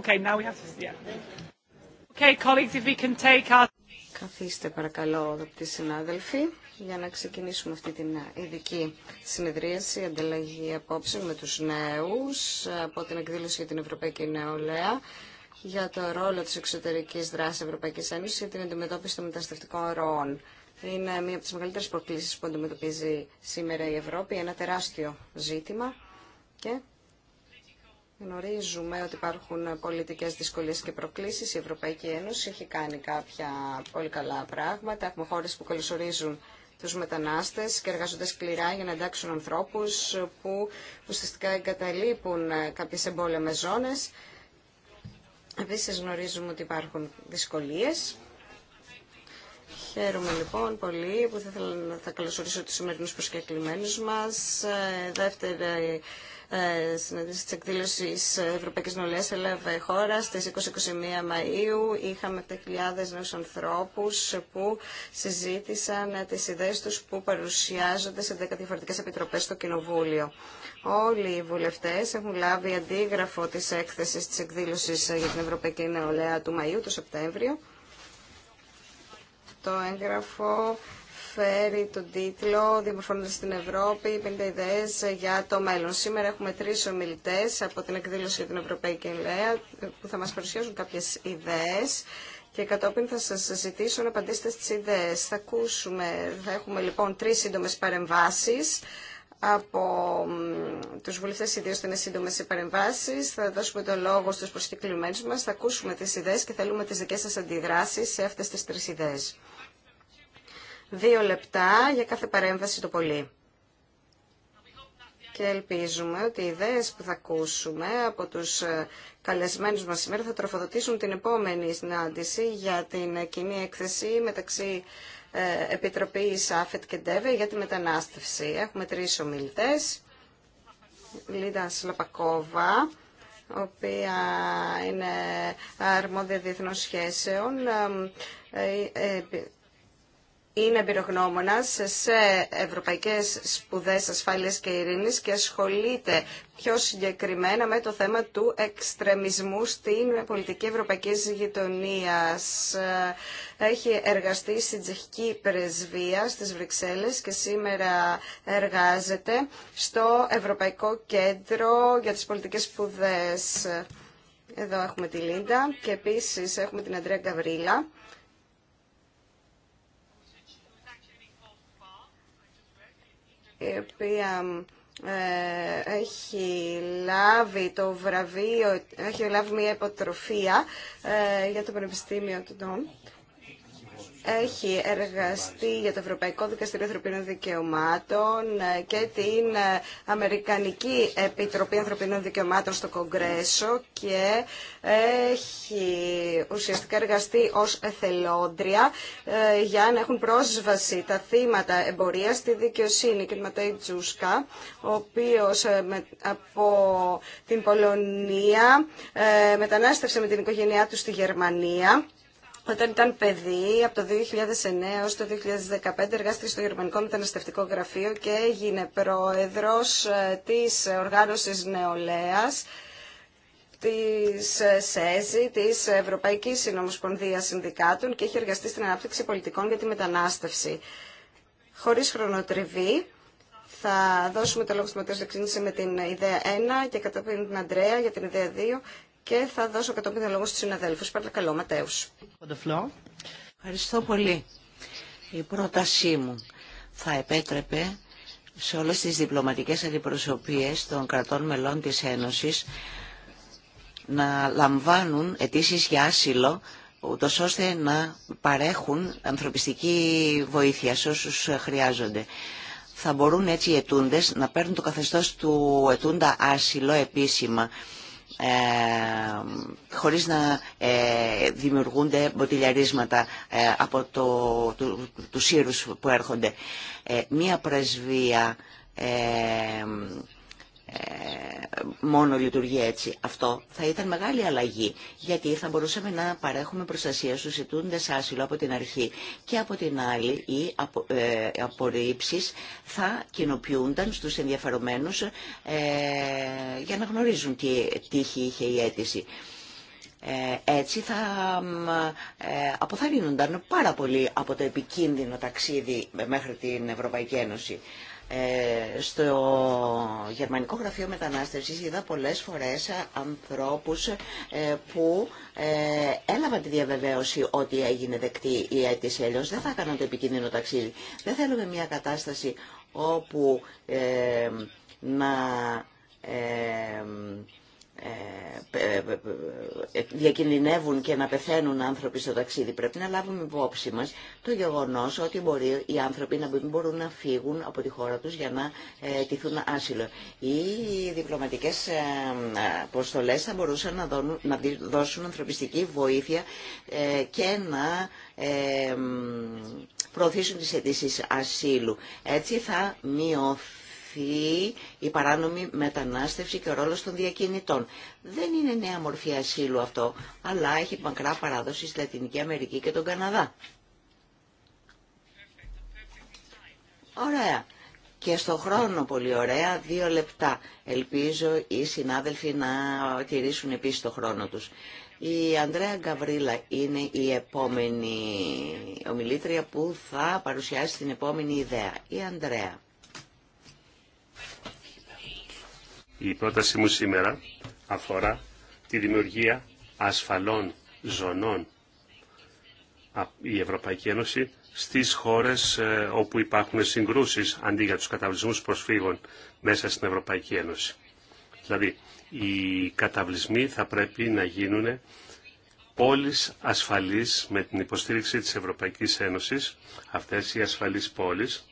Okay, now we have to... Yeah. Okay, colleagues, if we can take our... Καθίστε παρακαλώ αγαπητοί συνάδελφοι για να ξεκινήσουμε αυτή την ειδική συνεδρίαση, ανταλλαγή απόψεων με τους νέους από την εκδήλωση για την Ευρωπαϊκή Νεολαία για το ρόλο της εξωτερικής δράσης Ευρωπαϊκής Ένωσης για την αντιμετώπιση των μεταναστευτικών ροών. Είναι μία από τις μεγαλύτερες προκλήσεις που αντιμετωπίζει σήμερα η Ευρώπη, ένα τεράστιο ζήτημα και Γνωρίζουμε ότι υπάρχουν πολιτικές δυσκολίε και προκλήσεις. Η Ευρωπαϊκή Ένωση έχει κάνει κάποια πολύ καλά πράγματα. Έχουμε χώρε που καλωσορίζουν τους μετανάστες και εργάζονται σκληρά για να εντάξουν ανθρώπους που ουσιαστικά εγκαταλείπουν κάποιε εμπόλεμε ζώνες. Επίση γνωρίζουμε ότι υπάρχουν δυσκολίε. Χαίρομαι λοιπόν πολύ που θα, θα καλωσορίσω του σημερινού προσκεκλημένου μας. Ε, δεύτερη ε, συνεδρίαση τη εκδήλωσης Ευρωπαϊκής Νολέας έλαβε χώρα στις 20-21 Μαΐου. Είχαμε 7.000 νέους ανθρώπους που συζήτησαν τις ιδέες τους που παρουσιάζονται σε 10 διαφορετικές επιτροπές στο Κοινοβούλιο. Όλοι οι βουλευτές έχουν λάβει αντίγραφο της έκθεσης της εκδήλωσης για την Ευρωπαϊκή Νεολαία του Μαΐου, το Σεπτέμβριο. Το έγγραφο φέρει τον τίτλο «Διαμορφώνοντας στην Ευρώπη, 50 ιδέες για το μέλλον». Σήμερα έχουμε τρεις ομιλητές από την εκδήλωση για την Ευρωπαϊκή Ελέα που θα μας παρουσιάσουν κάποιες ιδέες και κατόπιν θα σα ζητήσω να απαντήσετε στις ιδέες. Θα ακούσουμε, θα έχουμε λοιπόν τρεις σύντομε παρεμβάσεις από τους βουλευτές ιδίως θα είναι σύντομες οι παρεμβάσεις. Θα δώσουμε το λόγο στους προσκεκλημένους μας, θα ακούσουμε τις ιδέες και θέλουμε τις δικές σα αντιδράσεις σε αυτές τις τρεις ιδέες δύο λεπτά για κάθε παρέμβαση το πολύ. Και ελπίζουμε ότι οι ιδέες που θα ακούσουμε από τους ε, καλεσμένους μας σήμερα θα τροφοδοτήσουν την επόμενη συνάντηση για την κοινή έκθεση μεταξύ ε, Επιτροπής ΑΦΕΤ και ΝΤΕΒΕ για τη μετανάστευση. Έχουμε τρεις ομιλητές. Λίδα Σλαπακόβα, οποία είναι αρμόδια διεθνών σχέσεων, ε, είναι εμπειρογνώμονα σε ευρωπαϊκές σπουδές ασφάλειας και ειρήνης και ασχολείται πιο συγκεκριμένα με το θέμα του εξτρεμισμού στην πολιτική ευρωπαϊκή Γειτονία. Έχει εργαστεί στην τσεχική πρεσβεία στις Βρυξέλλες και σήμερα εργάζεται στο Ευρωπαϊκό Κέντρο για τις Πολιτικές Σπουδές. Εδώ έχουμε τη Λίντα και επίσης έχουμε την Αντρέα Γκαβρίλα η οποία ε, έχει λάβει το βραβείο, έχει λάβει μια υποτροφία ε, για το Πανεπιστήμιο του Ντόν έχει εργαστεί για το Ευρωπαϊκό Δικαστήριο Ανθρωπίνων Δικαιωμάτων και την Αμερικανική Επιτροπή Ανθρωπίνων Δικαιωμάτων στο Κογκρέσο και έχει ουσιαστικά εργαστεί ως εθελόντρια ε, για να έχουν πρόσβαση τα θύματα εμπορίας στη δικαιοσύνη. Και Ματέι Τζούσκα, ο οποίος ε, από την Πολωνία ε, μετανάστευσε με την οικογένειά του στη Γερμανία όταν ήταν παιδί, από το 2009 έως το 2015 εργάστηκε στο Γερμανικό Μεταναστευτικό Γραφείο και έγινε πρόεδρος ε, της οργάνωσης νεολαίας της ε, ΣΕΖΗ, της Ευρωπαϊκής Συνομοσπονδίας Συνδικάτων και έχει εργαστεί στην ανάπτυξη πολιτικών για τη μετανάστευση. Χωρίς χρονοτριβή, θα δώσουμε το λόγο στη Δεξίνηση με την ιδέα 1 και κατόπιν την Αντρέα για την ιδέα 2 και θα δώσω κατόπιν λόγο στους συναδέλφους. Παρακαλώ, Ματέους. Ευχαριστώ πολύ. Η πρότασή μου θα επέτρεπε σε όλες τις διπλωματικές αντιπροσωπείες των κρατών μελών της Ένωσης να λαμβάνουν αιτήσει για άσυλο ούτως ώστε να παρέχουν ανθρωπιστική βοήθεια σε όσους χρειάζονται. Θα μπορούν έτσι οι ετούντες να παίρνουν το καθεστώς του ετούντα άσυλο επίσημα χωρίς να ε, δημιουργούνται μποτιλιαρίσματα ε, από το, του, σύρους που έρχονται. Ε, μία πρεσβεία ε, μόνο λειτουργεί έτσι. Αυτό θα ήταν μεγάλη αλλαγή, γιατί θα μπορούσαμε να παρέχουμε προστασία στους ζητούντες άσυλο από την αρχή και από την άλλη οι απο, ε, θα κοινοποιούνταν στους ενδιαφερομένους ε, για να γνωρίζουν τι τύχη είχε η αίτηση. έτσι θα αποθαρρύνονταν πάρα πολύ από το επικίνδυνο ταξίδι μέχρι την Ευρωπαϊκή Ένωση. Ε, στο Γερμανικό Γραφείο Μετανάστευσης είδα πολλές φορές ανθρώπους ε, που ε, έλαβαν τη διαβεβαίωση ότι έγινε δεκτή η αίτηση, τους, δεν θα έκαναν το επικίνδυνο ταξίδι. Δεν θέλουμε μια κατάσταση όπου να ε, ε, ε, διακινδυνεύουν και να πεθαίνουν άνθρωποι στο ταξίδι. Πρέπει να λάβουμε υπόψη μας το γεγονός ότι μπορεί οι άνθρωποι να μπορούν να φύγουν από τη χώρα τους για να ε, τηθούν άσυλο. Οι διπλωματικές ε, αποστολές θα μπορούσαν να, να δώσουν ανθρωπιστική βοήθεια και να προωθήσουν τις αιτήσει ασύλου. Έτσι θα μειωθεί η παράνομη μετανάστευση και ο ρόλος των διακινητών. Δεν είναι νέα μορφή ασύλου αυτό, αλλά έχει μακρά παράδοση στη Λατινική Αμερική και τον Καναδά. Ωραία. Και στο χρόνο πολύ ωραία, δύο λεπτά. Ελπίζω οι συνάδελφοι να τηρήσουν επίσης το χρόνο τους. Η Ανδρέα Γκαβρίλα είναι η επόμενη ομιλήτρια που θα παρουσιάσει την επόμενη ιδέα. Η Ανδρέα. Η πρότασή μου σήμερα αφορά τη δημιουργία ασφαλών ζωνών η Ευρωπαϊκή Ένωση στις χώρες ε, όπου υπάρχουν συγκρούσεις αντί για τους καταβλισμούς προσφύγων μέσα στην Ευρωπαϊκή Ένωση. Δηλαδή, οι καταβλισμοί θα πρέπει να γίνουν πόλεις ασφαλείς με την υποστήριξη της Ευρωπαϊκής Ένωσης. Αυτές οι ασφαλείς πόλεις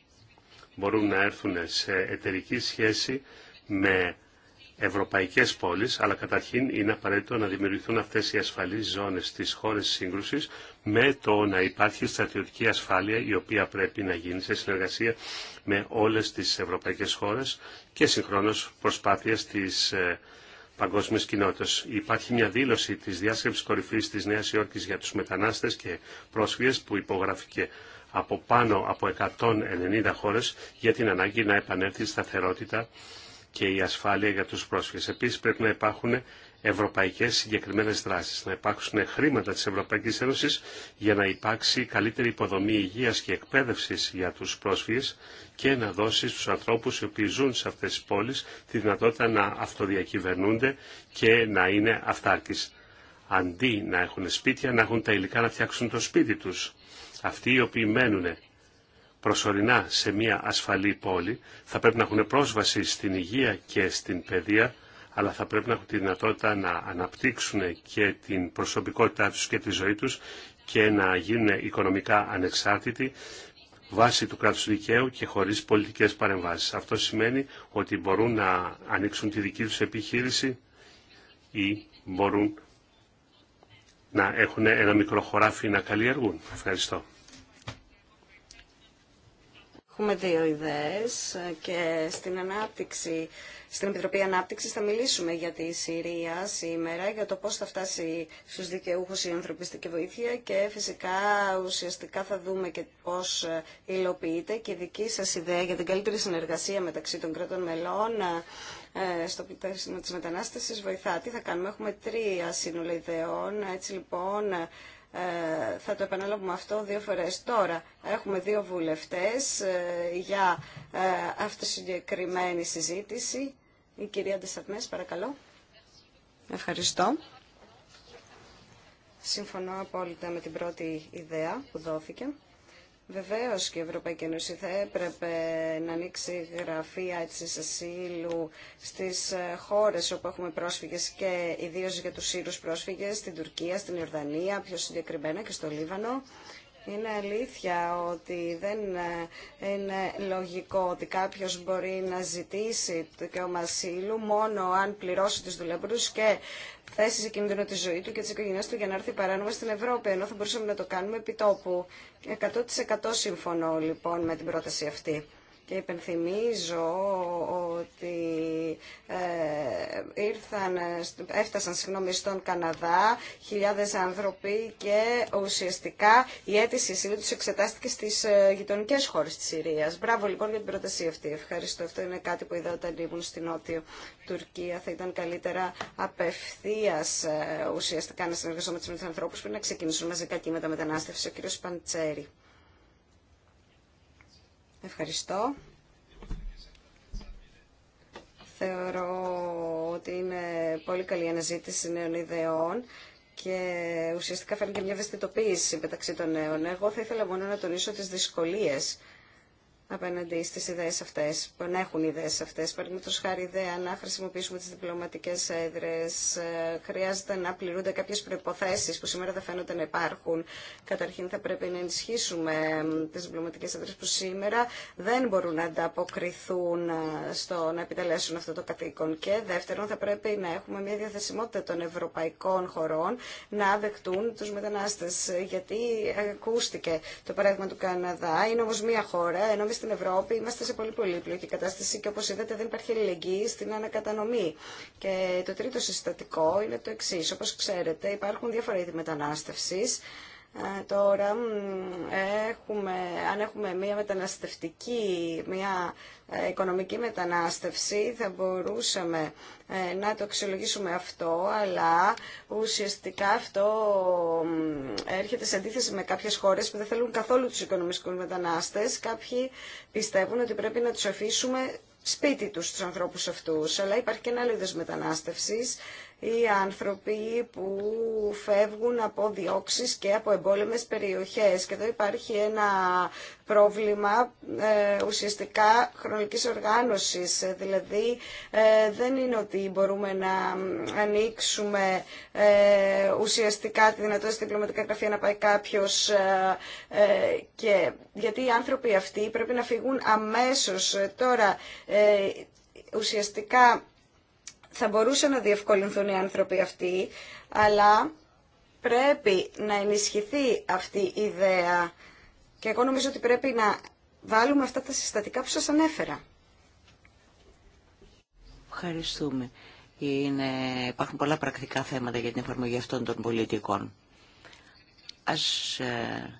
μπορούν να έρθουν σε εταιρική σχέση με Ευρωπαϊκέ πόλει, αλλά καταρχήν είναι απαραίτητο να δημιουργηθούν αυτέ οι ασφαλείς ζώνες στις χώρες σύγκρουση, με το να υπάρχει στρατιωτική ασφάλεια η οποία πρέπει να γίνει σε συνεργασία με όλε τι ευρωπαϊκέ χώρε και συγχρόνως τη της ε, Παγκόσμια κοινότητες. Υπάρχει μια δήλωση της διάσκεψης κορυφής της Νέας Υόρκης για τους μετανάστες και πρόσφυγες που υπογράφηκε από πάνω από 190 χώρες για την ανάγκη να επανέλθει η σταθερότητα και η ασφάλεια για τους πρόσφυγες. Επίσης πρέπει να υπάρχουν ευρωπαϊκές συγκεκριμένες δράσεις, να υπάρξουν χρήματα της Ευρωπαϊκής Ένωσης για να υπάρξει καλύτερη υποδομή υγείας και εκπαίδευσης για τους πρόσφυγες και να δώσει στους ανθρώπους οι οποίοι ζουν σε αυτές τις πόλεις τη δυνατότητα να αυτοδιακυβερνούνται και να είναι αυτάρκης. Αντί να έχουν σπίτια, να έχουν τα υλικά να φτιάξουν το σπίτι τους. Αυτοί οι οποίοι μένουν προσωρινά σε μια ασφαλή πόλη, θα πρέπει να έχουν πρόσβαση στην υγεία και στην παιδεία, αλλά θα πρέπει να έχουν τη δυνατότητα να αναπτύξουν και την προσωπικότητά τους και τη ζωή τους και να γίνουν οικονομικά ανεξάρτητοι βάσει του κράτους δικαίου και χωρίς πολιτικές παρεμβάσεις. Αυτό σημαίνει ότι μπορούν να ανοίξουν τη δική τους επιχείρηση ή μπορούν να έχουν ένα μικρό χωράφι να καλλιεργούν. Ευχαριστώ. Έχουμε δύο ιδέες και στην ανάπτυξη, στην Επιτροπή Ανάπτυξης θα μιλήσουμε για τη Συρία σήμερα, για το πώς θα φτάσει στους δικαιούχους η ανθρωπιστική βοήθεια και φυσικά ουσιαστικά θα δούμε και πώς υλοποιείται και η δική σας ιδέα για την καλύτερη συνεργασία μεταξύ των κρατών μελών ε, στο πλαίσιο της μετανάστευσης βοηθά. Τι θα κάνουμε, έχουμε τρία σύνολα ιδεών, έτσι λοιπόν ε, θα το επαναλάβουμε αυτό δύο φορές. Τώρα έχουμε δύο βουλευτές ε, για ε, αυτή τη συγκεκριμένη συζήτηση. Η κυρία Ντεσαρμές, παρακαλώ. Ευχαριστώ. Συμφωνώ απόλυτα με την πρώτη ιδέα που δόθηκε. Βεβαίω και η Ευρωπαϊκή Ένωση θα έπρεπε να ανοίξει γραφεία έτσι ασύλου στι ε, χώρε όπου έχουμε πρόσφυγε και ιδίω για του Σύρου πρόσφυγε, στην Τουρκία, στην Ιορδανία, πιο συγκεκριμένα και στο Λίβανο. Είναι αλήθεια ότι δεν ε, είναι λογικό ότι κάποιος μπορεί να ζητήσει το δικαίωμα ασύλου μόνο αν πληρώσει τους και θέσει σε κίνδυνο τη ζωή του και τη οικογένειά του για να έρθει παράνομα στην Ευρώπη, ενώ θα μπορούσαμε να το κάνουμε επί τόπου. 100% συμφωνώ λοιπόν με την πρόταση αυτή. Και υπενθυμίζω ότι ε, ήρθαν, έφτασαν συγγνώμη, στον Καναδά χιλιάδες άνθρωποι και ουσιαστικά η αίτηση ασύλου εξετάστηκε στις ε, γειτονικέ χώρες της Συρίας. Μπράβο λοιπόν για την πρόταση αυτή. Ευχαριστώ. Αυτό είναι κάτι που είδα όταν ήμουν στην Νότιο Τουρκία. Θα ήταν καλύτερα απευθεία ε, ουσιαστικά να συνεργαζόμαστε με τους ανθρώπους που να ξεκινήσουν μαζικά κύματα μετανάστευση. Ο κύριος Παντσέρη. Ευχαριστώ. Θεωρώ ότι είναι πολύ καλή αναζήτηση νέων ιδεών και ουσιαστικά φέρνει και μια ευαισθητοποίηση μεταξύ των νέων. Εγώ θα ήθελα μόνο να τονίσω τις δυσκολίες απέναντι στις ιδέες αυτές, που έχουν ιδέες αυτές. Παραδείγματο χάρη ιδέα να χρησιμοποιήσουμε τις διπλωματικές έδρες, ε, χρειάζεται να πληρούνται κάποιες προϋποθέσεις που σήμερα δεν φαίνονται να υπάρχουν. Καταρχήν θα πρέπει να ενισχύσουμε τις διπλωματικές έδρες που σήμερα δεν μπορούν να ανταποκριθούν ε, στο να επιτελέσουν αυτό το καθήκον. Και δεύτερον θα πρέπει να έχουμε μια διαθεσιμότητα των ευρωπαϊκών χωρών να δεχτούν τους μετανάστες. Γιατί ακούστηκε το παράδειγμα του Καναδά, είναι όμως μια χώρα, ενώ στην Ευρώπη είμαστε σε πολύ πολύ πολύπλοκη κατάσταση και όπως είδατε δεν υπάρχει αλληλεγγύη στην ανακατανομή. Και το τρίτο συστατικό είναι το εξής. Όπως ξέρετε υπάρχουν διάφορα είδη ε, τώρα έχουμε, αν έχουμε μια μεταναστευτική, μια ε, οικονομική μετανάστευση θα μπορούσαμε ε, να το αξιολογήσουμε αυτό, αλλά ουσιαστικά αυτό έρχεται σε αντίθεση με κάποιες χώρες που δεν θέλουν καθόλου τους οικονομικούς μετανάστες. Κάποιοι πιστεύουν ότι πρέπει να τους αφήσουμε σπίτι τους τους ανθρώπους αυτούς, αλλά υπάρχει και ένα άλλο είδος μετανάστευσης, οι άνθρωποι που φεύγουν από διώξεις και από εμπόλεμες περιοχές. Και εδώ υπάρχει ένα πρόβλημα ε, ουσιαστικά χρονικής οργάνωσης. Δηλαδή ε, δεν είναι ότι μπορούμε να ανοίξουμε ε, ουσιαστικά τη δυνατότητα στην διπλωματικά γραφεία να πάει κάποιος ε, ε, και, γιατί οι άνθρωποι αυτοί πρέπει να φύγουν αμέσως. Τώρα ουσιαστικά θα μπορούσαν να διευκολυνθούν οι άνθρωποι αυτοί, αλλά πρέπει να ενισχυθεί αυτή η ιδέα. Και εγώ νομίζω ότι πρέπει να βάλουμε αυτά τα συστατικά που σας ανέφερα. Ευχαριστούμε. Είναι, υπάρχουν πολλά πρακτικά θέματα για την εφαρμογή αυτών των πολιτικών. Ας ε,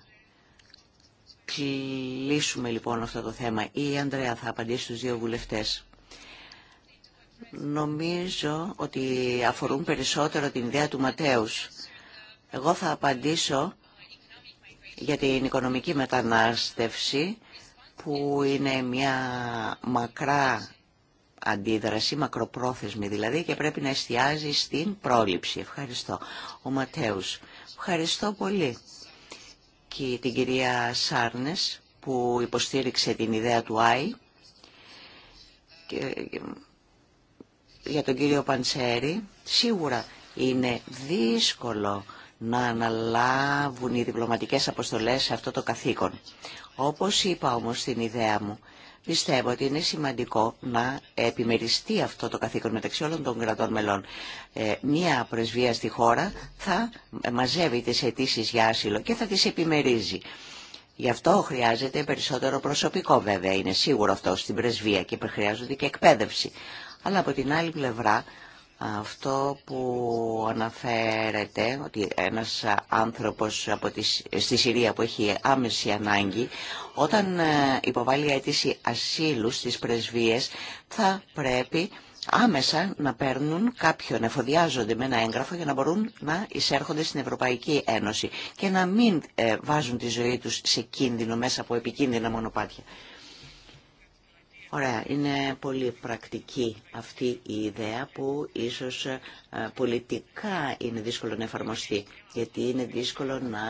κλείσουμε λοιπόν αυτό το θέμα. Η Ανδρέα θα απαντήσει στους δύο βουλευτές νομίζω ότι αφορούν περισσότερο την ιδέα του Ματέους. Εγώ θα απαντήσω για την οικονομική μετανάστευση που είναι μια μακρά αντίδραση, μακροπρόθεσμη δηλαδή και πρέπει να εστιάζει στην πρόληψη. Ευχαριστώ. Ο Ματέους. Ευχαριστώ πολύ και την κυρία Σάρνες που υποστήριξε την ιδέα του ΆΙ για τον κύριο Παντσέρη, σίγουρα είναι δύσκολο να αναλάβουν οι διπλωματικές αποστολές σε αυτό το καθήκον. Όπως είπα όμως στην ιδέα μου, πιστεύω ότι είναι σημαντικό να επιμεριστεί αυτό το καθήκον μεταξύ όλων των κρατών μελών. Ε, μία πρεσβεία στη χώρα θα μαζεύει τις αιτήσει για άσυλο και θα τις επιμερίζει. Γι' αυτό χρειάζεται περισσότερο προσωπικό βέβαια, είναι σίγουρο αυτό στην πρεσβεία και χρειάζονται και εκπαίδευση. Αλλά από την άλλη πλευρά αυτό που αναφέρεται ότι ένας άνθρωπος από τη, στη Συρία που έχει άμεση ανάγκη όταν ε, υποβάλλει αίτηση ασύλου στις πρεσβείες θα πρέπει άμεσα να παίρνουν κάποιον, εφοδιάζονται με ένα έγγραφο για να μπορούν να εισέρχονται στην Ευρωπαϊκή Ένωση και να μην ε, βάζουν τη ζωή τους σε κίνδυνο μέσα από επικίνδυνα μονοπάτια. Ωραία, είναι πολύ πρακτική αυτή η ιδέα που ίσως ε, πολιτικά είναι δύσκολο να εφαρμοστεί γιατί είναι δύσκολο να,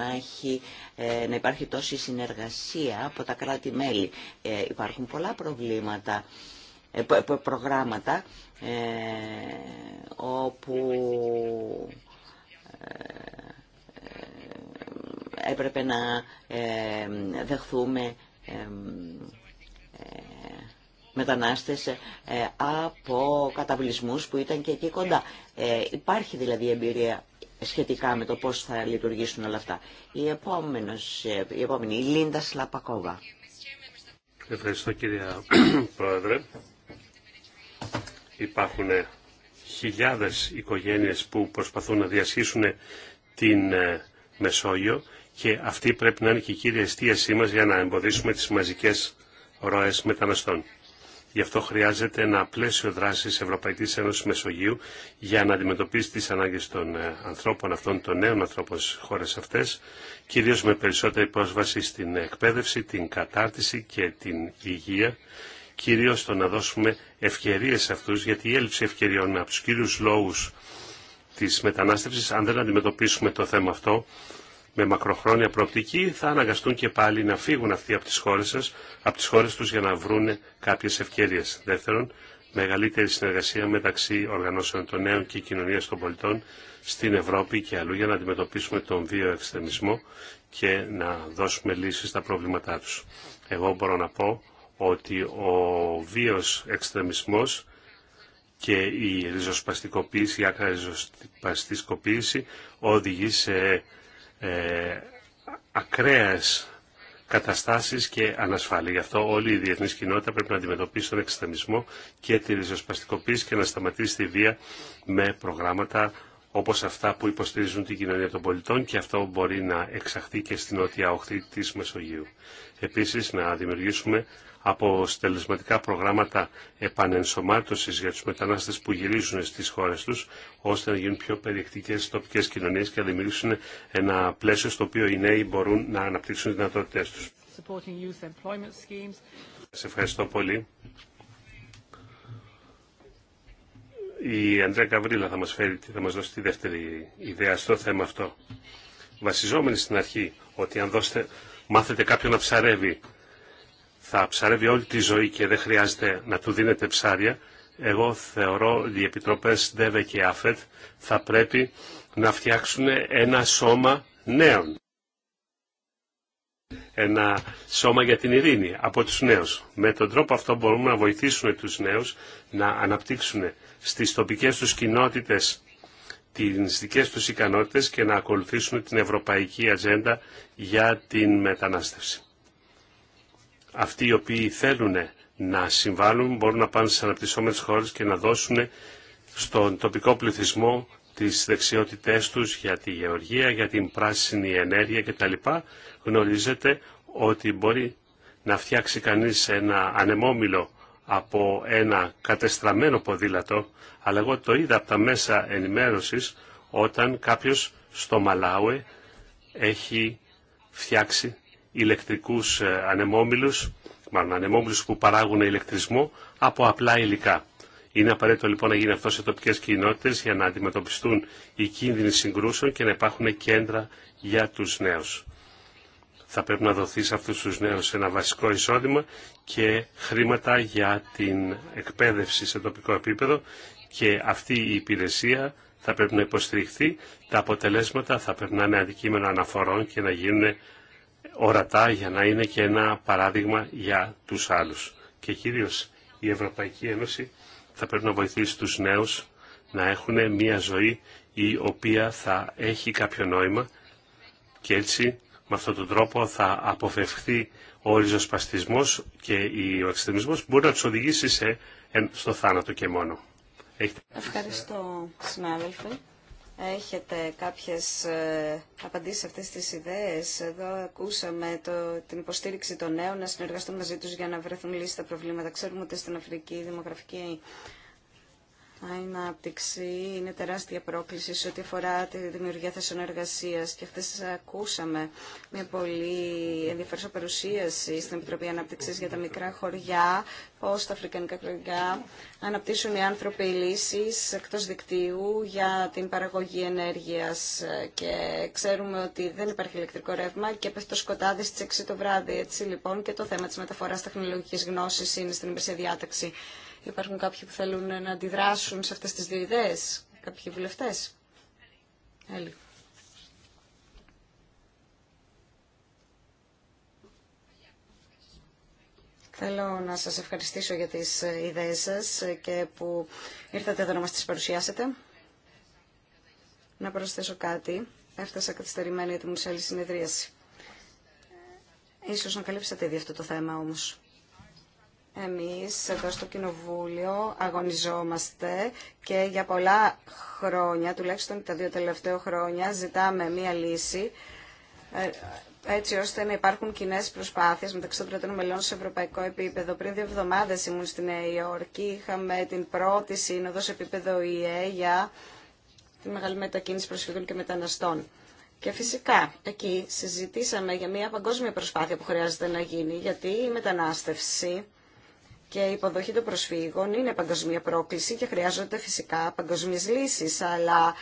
ε, υπάρχει τόση συνεργασία από τα κράτη-μέλη. Ε, υπάρχουν πολλά προβλήματα, προγράμματα όπου έπρεπε να δεχθούμε μετανάστες ε, από καταβλισμούς που ήταν και εκεί κοντά. Ε, υπάρχει δηλαδή εμπειρία σχετικά με το πώς θα λειτουργήσουν όλα αυτά. Η, επόμενος, ε, η επόμενη, η Λίντα Σλαπακόβα. Ευχαριστώ κυρία Πρόεδρε. Υπάρχουν χιλιάδες οικογένειες που προσπαθούν να διασχίσουν την Μεσόγειο και αυτή πρέπει να είναι και η κύρια εστίασή μας για να εμποδίσουμε τις μαζικές ροές μεταναστών. Γι' αυτό χρειάζεται ένα πλαίσιο δράση Ευρωπαϊκής Ένωση Μεσογείου για να αντιμετωπίσει τι ανάγκε των ε, ανθρώπων αυτών, των νέων ανθρώπων στι χώρε αυτέ, κυρίως με περισσότερη πρόσβαση στην εκπαίδευση, την κατάρτιση και την υγεία, κυρίως το να δώσουμε ευκαιρίες σε αυτούς, γιατί η έλλειψη ευκαιριών από του κύριου λόγου τη μετανάστευση, αν δεν αντιμετωπίσουμε το θέμα αυτό, με μακροχρόνια προοπτική θα αναγκαστούν και πάλι να φύγουν αυτοί από τις χώρες, σας, από τις χώρες τους για να βρουν κάποιες ευκαιρίες. Δεύτερον, μεγαλύτερη συνεργασία μεταξύ οργανώσεων των νέων και κοινωνίας των πολιτών στην Ευρώπη και αλλού για να αντιμετωπίσουμε τον βίο εξτρεμισμό και να δώσουμε λύσεις στα προβλήματά τους. Εγώ μπορώ να πω ότι ο βίος εξτρεμισμός και η ριζοσπαστικοποίηση, η άκρα ριζοσπαστικοποίηση οδηγεί σε ε, ακραίες καταστάσεις και ανασφάλεια. Γι' αυτό όλη η διεθνή κοινότητα πρέπει να αντιμετωπίσει τον εξτρεμισμό και τη ριζοσπαστικοποίηση και να σταματήσει τη βία με προγράμματα όπως αυτά που υποστηρίζουν την κοινωνία των πολιτών και αυτό μπορεί να εξαχθεί και στην νότια οχθή της Μεσογείου. Επίσης να δημιουργήσουμε από στελεσματικά προγράμματα επανενσωμάτωσης για τους μετανάστες που γυρίζουν στις χώρες τους, ώστε να γίνουν πιο περιεκτικές τοπικές κοινωνίες και να δημιουργήσουν ένα πλαίσιο στο οποίο οι νέοι μπορούν να αναπτύξουν τις δυνατότητές τους. Σας ευχαριστώ πολύ. Η Αντρέα Καβρίλα θα μας, φέρει, θα μας δώσει τη δεύτερη ιδέα στο θέμα αυτό. Βασιζόμενοι στην αρχή ότι αν δώσετε, μάθετε κάποιον να ψαρεύει θα ψαρεύει όλη τη ζωή και δεν χρειάζεται να του δίνετε ψάρια, εγώ θεωρώ ότι οι επιτροπές ΔΕΒΕ και ΑΦΕΤ θα πρέπει να φτιάξουν ένα σώμα νέων. Ένα σώμα για την ειρήνη από τους νέους. Με τον τρόπο αυτό μπορούμε να βοηθήσουμε τους νέους να αναπτύξουν στις τοπικές τους κοινότητες τις δικές τους ικανότητες και να ακολουθήσουν την ευρωπαϊκή ατζέντα για την μετανάστευση αυτοί οι οποίοι θέλουν να συμβάλλουν μπορούν να πάνε στις αναπτυσσόμενες χώρες και να δώσουν στον τοπικό πληθυσμό τις δεξιότητές τους για τη γεωργία, για την πράσινη ενέργεια κτλ. Γνωρίζετε ότι μπορεί να φτιάξει κανείς ένα ανεμόμυλο από ένα κατεστραμμένο ποδήλατο, αλλά εγώ το είδα από τα μέσα ενημέρωσης όταν κάποιος στο Μαλάουε έχει φτιάξει ηλεκτρικούς ε, ανεμόμυλους, μάλλον ανεμόμυλους που παράγουν ηλεκτρισμό από απλά υλικά. Είναι απαραίτητο λοιπόν να γίνει αυτό σε τοπικές κοινότητες για να αντιμετωπιστούν οι κίνδυνοι συγκρούσεων και να υπάρχουν κέντρα για τους νέους. Θα πρέπει να δοθεί σε αυτούς τους νέους ένα βασικό εισόδημα και χρήματα για την εκπαίδευση σε τοπικό επίπεδο και αυτή η υπηρεσία θα πρέπει να υποστηριχθεί. Τα αποτελέσματα θα πρέπει να είναι αντικείμενα αναφορών και να γίνουν ορατά για να είναι και ένα παράδειγμα για τους άλλους. Και κυρίως η Ευρωπαϊκή Ένωση θα πρέπει να βοηθήσει τους νέους να έχουν μια ζωή η οποία θα έχει κάποιο νόημα και έτσι με αυτόν τον τρόπο θα αποφευχθεί ο ριζοσπαστισμός και ο εξτρεμισμός μπορεί να του οδηγήσει σε, στο θάνατο και μόνο. Ευχαριστώ συνάδελφε έχετε κάποιες ε, απαντήσεις σε αυτές τις ιδέες. Εδώ ακούσαμε το, την υποστήριξη των νέων να συνεργαστούν μαζί τους για να βρεθούν λύσεις στα προβλήματα. Ξέρουμε ότι στην Αφρική η δημογραφική η ανάπτυξη είναι τεράστια πρόκληση σε ό,τι αφορά τη δημιουργία θέσεων εργασία. Και χθε ακούσαμε μια πολύ ενδιαφέρουσα παρουσίαση στην Επιτροπή Ανάπτυξη για τα μικρά χωριά, πώ τα αφρικανικά χωριά αναπτύσσουν οι άνθρωποι λύσει εκτό δικτύου για την παραγωγή ενέργεια. Και ξέρουμε ότι δεν υπάρχει ηλεκτρικό ρεύμα και πέφτει το σκοτάδι στι 6 το βράδυ. Έτσι λοιπόν και το θέμα τη μεταφορά τεχνολογική γνώση είναι στην υπηρεσία διάταξη. Υπάρχουν κάποιοι που θέλουν να αντιδράσουν σε αυτές τις δύο ιδέες, κάποιοι βουλευτές. Θέλω να σας ευχαριστήσω για τις ε, ιδέες σας ε, και που ήρθατε εδώ να μας τις παρουσιάσετε. Να προσθέσω κάτι. Έφτασα καθυστερημένη για τη μουσέλη συνεδρίαση. Ίσως να καλύψατε ήδη αυτό το θέμα όμως. Εμείς εδώ στο Κοινοβούλιο αγωνιζόμαστε και για πολλά χρόνια, τουλάχιστον τα δύο τελευταία χρόνια, ζητάμε μία λύση ε, έτσι ώστε να υπάρχουν κοινέ προσπάθειε μεταξύ των κρατών μελών σε ευρωπαϊκό επίπεδο. Πριν δύο εβδομάδε ήμουν στη Νέα Υόρκη, είχαμε την πρώτη σύνοδο σε επίπεδο ΙΕ για τη μεγάλη μετακίνηση προσφύγων και μεταναστών. Και φυσικά εκεί συζητήσαμε για μια παγκόσμια προσπάθεια που χρειάζεται να γίνει, γιατί η μετανάστευση και η υποδοχή των προσφύγων είναι παγκοσμία πρόκληση και χρειάζονται φυσικά παγκοσμίες λύσεις, αλλά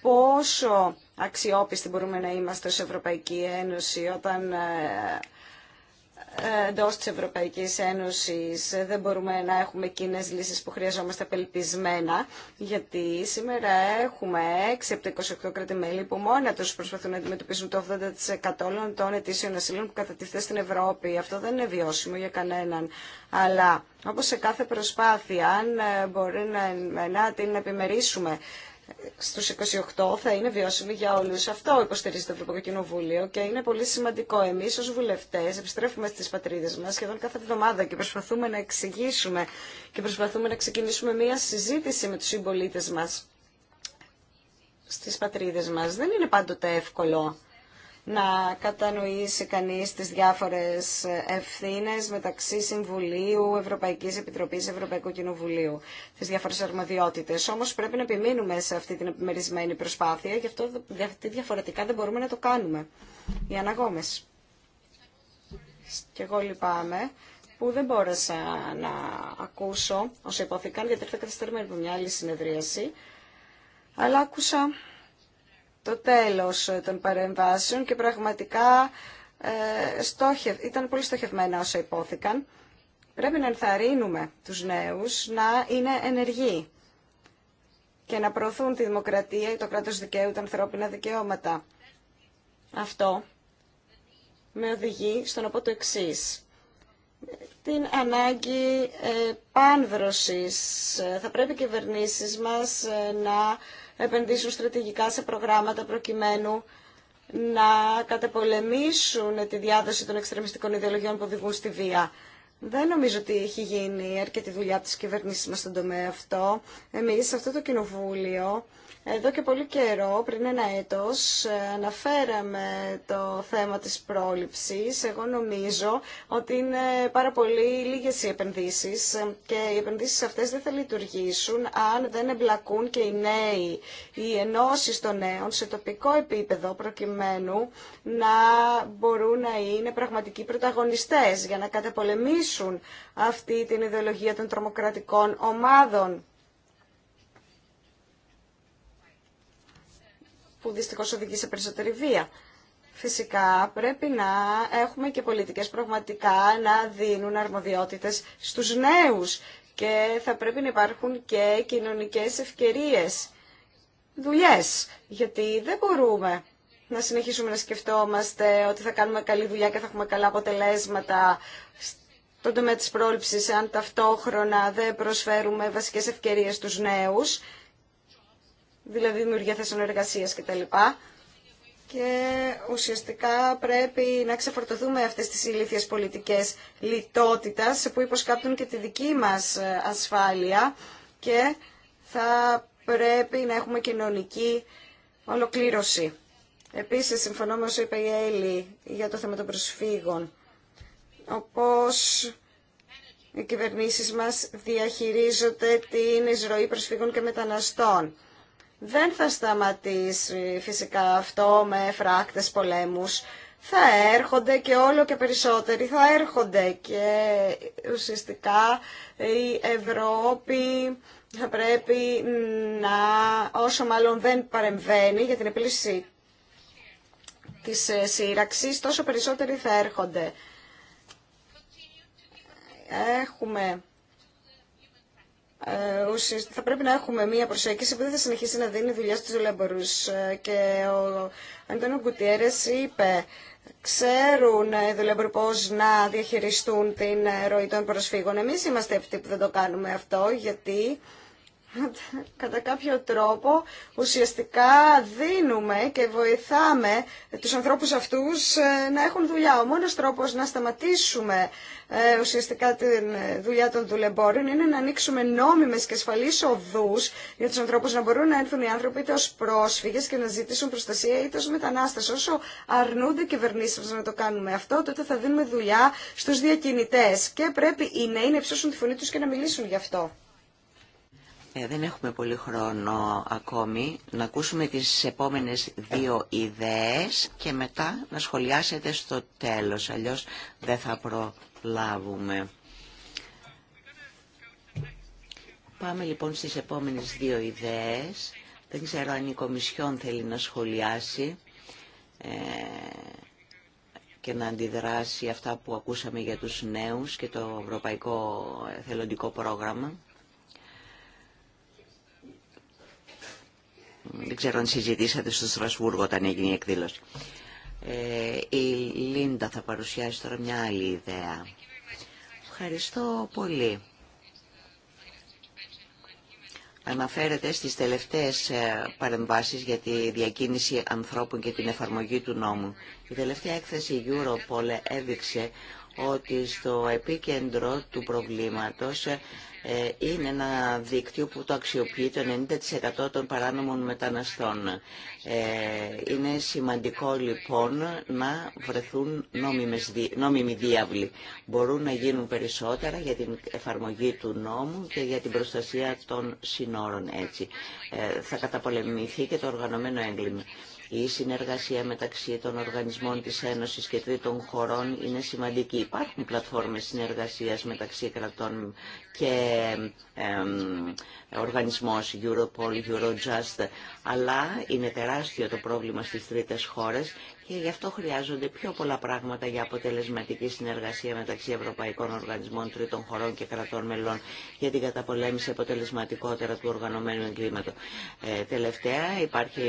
πόσο αξιόπιστοι μπορούμε να είμαστε ως Ευρωπαϊκή Ένωση όταν ε, ε, εντό τη Ευρωπαϊκή Ένωση ε, δεν μπορούμε να έχουμε κοινέ λύσει που χρειαζόμαστε απελπισμένα, γιατί σήμερα έχουμε 6 από τα 28 κράτη-μέλη που μόνα του προσπαθούν να αντιμετωπίσουν το 80% των αιτήσεων ασύλων που κατατίθεται στην Ευρώπη. Αυτό δεν είναι βιώσιμο για κανέναν. Αλλά όπω σε κάθε προσπάθεια, αν ε, μπορεί να, να την επιμερίσουμε στους 28 θα είναι βιώσιμη για όλους. Αυτό υποστηρίζει το Ευρωπαϊκό Κοινοβούλιο και είναι πολύ σημαντικό. Εμείς ως βουλευτές επιστρέφουμε στις πατρίδες μας σχεδόν κάθε εβδομάδα και προσπαθούμε να εξηγήσουμε και προσπαθούμε να ξεκινήσουμε μια συζήτηση με τους συμπολίτε μας στις πατρίδες μας. Δεν είναι πάντοτε εύκολο να κατανοήσει κανείς τις διάφορες ευθύνες μεταξύ Συμβουλίου, Ευρωπαϊκής Επιτροπής, Ευρωπαϊκού Κοινοβουλίου, τις διάφορες αρμοδιότητες. Όμως πρέπει να επιμείνουμε σε αυτή την επιμερισμένη προσπάθεια, γι' αυτό διαφορετικά δεν μπορούμε να το κάνουμε. Οι αναγόμες. Και εγώ λυπάμαι που δεν μπόρεσα να ακούσω όσο υπόθηκαν, γιατί ήρθα καθυστερημένη από μια άλλη συνεδρίαση, αλλά άκουσα το τέλος των παρεμβάσεων και πραγματικά ε, ήταν πολύ στοχευμένα όσα υπόθηκαν. Πρέπει να ενθαρρύνουμε τους νέους να είναι ενεργοί και να προωθούν τη δημοκρατία, το κράτος δικαίου, τα ανθρώπινα δικαιώματα. Αυτό με οδηγεί στον να το εξής την ανάγκη ε, πάνδρωσης. Θα πρέπει οι κυβερνήσεις μας ε, να επενδύσουν στρατηγικά σε προγράμματα προκειμένου να καταπολεμήσουν τη διάδοση των εξτρεμιστικών ιδεολογιών που οδηγούν στη βία. Δεν νομίζω ότι έχει γίνει αρκετή δουλειά της κυβερνήσης μας στον τομέα αυτό. Εμείς σε αυτό το κοινοβούλιο, εδώ και πολύ καιρό, πριν ένα έτος, αναφέραμε το θέμα της πρόληψης. Εγώ νομίζω ότι είναι πάρα πολύ λίγες οι επενδύσεις και οι επενδύσεις αυτές δεν θα λειτουργήσουν αν δεν εμπλακούν και οι νέοι, οι ενώσεις των νέων σε τοπικό επίπεδο προκειμένου να μπορούν να είναι πραγματικοί πρωταγωνιστές για να καταπολεμήσουν αυτή την ιδεολογία των τρομοκρατικών ομάδων. που δυστυχώς οδηγεί σε περισσότερη βία. Φυσικά πρέπει να έχουμε και πολιτικές πραγματικά να δίνουν αρμοδιότητες στους νέους και θα πρέπει να υπάρχουν και κοινωνικές ευκαιρίες, δουλειές, γιατί δεν μπορούμε να συνεχίσουμε να σκεφτόμαστε ότι θα κάνουμε καλή δουλειά και θα έχουμε καλά αποτελέσματα το τομέα της πρόληψης αν ταυτόχρονα δεν προσφέρουμε βασικές ευκαιρίες στους νέους, δηλαδή δημιουργία θέσεων εργασία κτλ. Και ουσιαστικά πρέπει να ξεφορτωθούμε αυτές τις ηλίθιες πολιτικές λιτότητας που υποσκάπτουν και τη δική μας ασφάλεια και θα πρέπει να έχουμε κοινωνική ολοκλήρωση. Επίσης, συμφωνώ με όσο είπε η Έλλη για το θέμα των προσφύγων όπως οι κυβερνήσεις μας διαχειρίζονται την εισρωή προσφύγων και μεταναστών. Δεν θα σταματήσει φυσικά αυτό με φράκτες πολέμους. Θα έρχονται και όλο και περισσότεροι θα έρχονται και ουσιαστικά η Ευρώπη θα πρέπει να όσο μάλλον δεν παρεμβαίνει για την επίλυση της ε, σύραξης τόσο περισσότεροι θα έρχονται έχουμε ε, θα πρέπει να έχουμε μία προσέγγιση που δεν θα συνεχίσει να δίνει δουλειά στους δουλεμπορούς. Ε, και ο Αντώνιο Γκουτιέρες είπε, ξέρουν ε, οι δουλεμποροί πώς να διαχειριστούν την ροή των προσφύγων. Εμείς είμαστε αυτοί που δεν το κάνουμε αυτό, γιατί κατά κάποιο τρόπο ουσιαστικά δίνουμε και βοηθάμε τους ανθρώπους αυτούς ε, να έχουν δουλειά. Ο μόνος τρόπος να σταματήσουμε ε, ουσιαστικά τη δουλειά των δουλεμπόρων είναι να ανοίξουμε νόμιμες και ασφαλείς οδούς για τους ανθρώπους να μπορούν να έρθουν οι άνθρωποι είτε ως πρόσφυγες και να ζητήσουν προστασία είτε ως μετανάστες. Όσο αρνούνται οι κυβερνήσεις να το κάνουμε αυτό, τότε θα δίνουμε δουλειά στους διακινητές και πρέπει οι νέοι να υψώσουν τη φωνή τους και να μιλήσουν γι' αυτό. Ε, δεν έχουμε πολύ χρόνο ακόμη. Να ακούσουμε τις επόμενες δύο ιδέες και μετά να σχολιάσετε στο τέλος, αλλιώς δεν θα προλάβουμε. Πάμε λοιπόν στις επόμενες δύο ιδέες. Δεν ξέρω αν η Κομισιόν θέλει να σχολιάσει ε, και να αντιδράσει αυτά που ακούσαμε για τους νέους και το Ευρωπαϊκό Θελοντικό Πρόγραμμα. δεν ξέρω αν συζητήσατε στο Στρασβούργο όταν έγινε η εκδήλωση. Ε, η Λίντα θα παρουσιάσει τώρα μια άλλη ιδέα. Ευχαριστώ πολύ. Αναφέρεται στις τελευταίες ε, παρεμβάσεις για τη διακίνηση ανθρώπων και την εφαρμογή του νόμου. Η τελευταία έκθεση Europol έδειξε ότι στο επίκεντρο του προβλήματος ε, ε, είναι ένα δίκτυο που το αξιοποιεί το 90% των παράνομων μεταναστών. Ε, είναι σημαντικό λοιπόν να βρεθούν νόμιμες, νόμιμοι διάβλοι. Μπορούν να γίνουν περισσότερα για την εφαρμογή του νόμου και για την προστασία των συνόρων έτσι. Ε, θα καταπολεμηθεί και το οργανωμένο έγκλημα. Η συνεργασία μεταξύ των οργανισμών της Ένωσης και τρίτων χωρών είναι σημαντική. Υπάρχουν πλατφόρμες συνεργασίας μεταξύ κρατών και ε, οργανισμός Europol, Eurojust, αλλά είναι τεράστιο το πρόβλημα στις τρίτες χώρες και γι' αυτό χρειάζονται πιο πολλά πράγματα για αποτελεσματική συνεργασία μεταξύ Ευρωπαϊκών Οργανισμών Τρίτων Χωρών και Κρατών Μελών για την καταπολέμηση αποτελεσματικότερα του οργανωμένου εγκλήματο. Ε, τελευταία υπάρχει,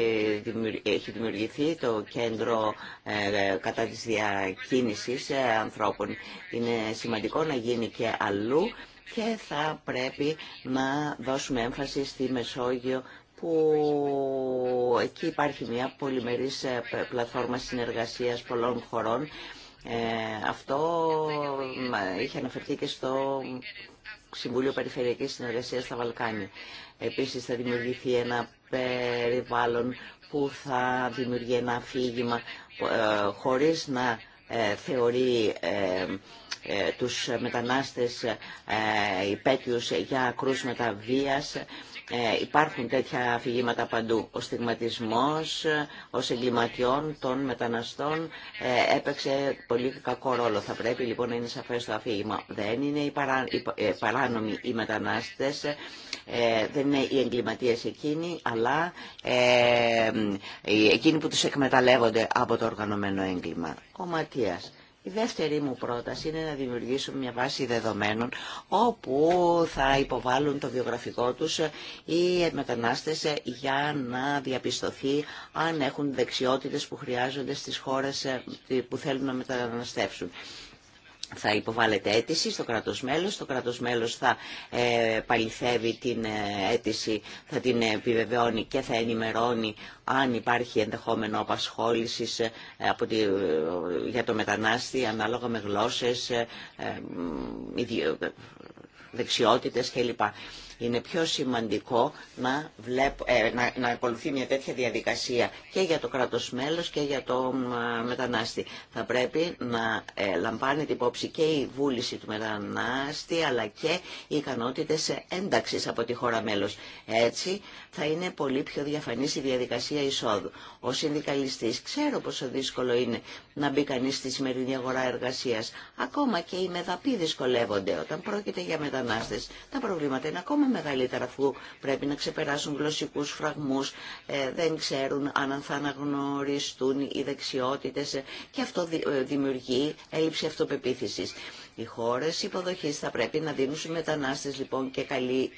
έχει δημιουργηθεί το κέντρο ε, κατά της διακίνησης ε, ανθρώπων. Είναι σημαντικό να γίνει και αλλού και θα πρέπει να δώσουμε έμφαση στη Μεσόγειο που εκεί υπάρχει μια πολυμερής ε, πλατφόρμα συνεργασίας πολλών χωρών. Ε, αυτό είχε αναφερθεί και στο Συμβούλιο Περιφερειακής Συνεργασίας στα Βαλκάνια. Επίσης θα δημιουργηθεί ένα περιβάλλον που θα δημιουργεί ένα αφήγημα ε, χωρίς να θεωρεί τους μετανάστες υπέτειους για κρούσματα βίας ε, υπάρχουν τέτοια αφηγήματα παντού. Ο στιγματισμός ως εγκληματιών των μεταναστών ε, έπαιξε πολύ κακό ρόλο. Θα πρέπει λοιπόν να είναι σαφές το αφήγημα. Δεν είναι οι, οι ε, παράνομοι οι μετανάστες, ε, δεν είναι οι εγκληματίες εκείνοι, αλλά εκείνοι που τους εκμεταλλεύονται από το οργανωμένο έγκλημα. Ο η δεύτερη μου πρόταση είναι να δημιουργήσουμε μια βάση δεδομένων όπου θα υποβάλουν το βιογραφικό τους οι μετανάστες για να διαπιστωθεί αν έχουν δεξιότητες που χρειάζονται στις χώρες ε, που θέλουν να μεταναστεύσουν θα υποβάλλεται αίτηση στο κράτος μέλος, το κράτος μέλος θα ε, παληθεύει την ε, αίτηση, θα την επιβεβαιώνει και θα ενημερώνει αν υπάρχει ενδεχόμενο απασχόληση ε, από για το μετανάστη ανάλογα με γλώσσες, ε, ε δεξιότητες κλπ. Είναι πιο σημαντικό να, βλέπω, ε, να, να ακολουθεί μια τέτοια διαδικασία και για το κράτος μέλος και για το μετανάστη. Θα πρέπει να ε, λαμβάνει την υπόψη και η βούληση του μετανάστη αλλά και οι ικανότητες ένταξης από τη χώρα μέλος. Έτσι θα είναι πολύ πιο διαφανής η διαδικασία εισόδου. Ο συνδικαλιστής ξέρω πόσο δύσκολο είναι να μπει κανείς στη σημερινή αγορά εργασίας. Ακόμα και οι μεδαποί δυσκολεύονται όταν πρόκειται για μετανάστες. Τα προβλήματα είναι ακόμα μεγαλύτερα αφού πρέπει να ξεπεράσουν γλωσσικούς φραγμούς, ε, δεν ξέρουν αν θα αναγνωριστούν οι δεξιότητες ε, και αυτό ε, δημιουργεί έλλειψη αυτοπεποίθησης. Οι χώρε υποδοχή θα πρέπει να δίνουν στου μετανάστε λοιπόν και καλή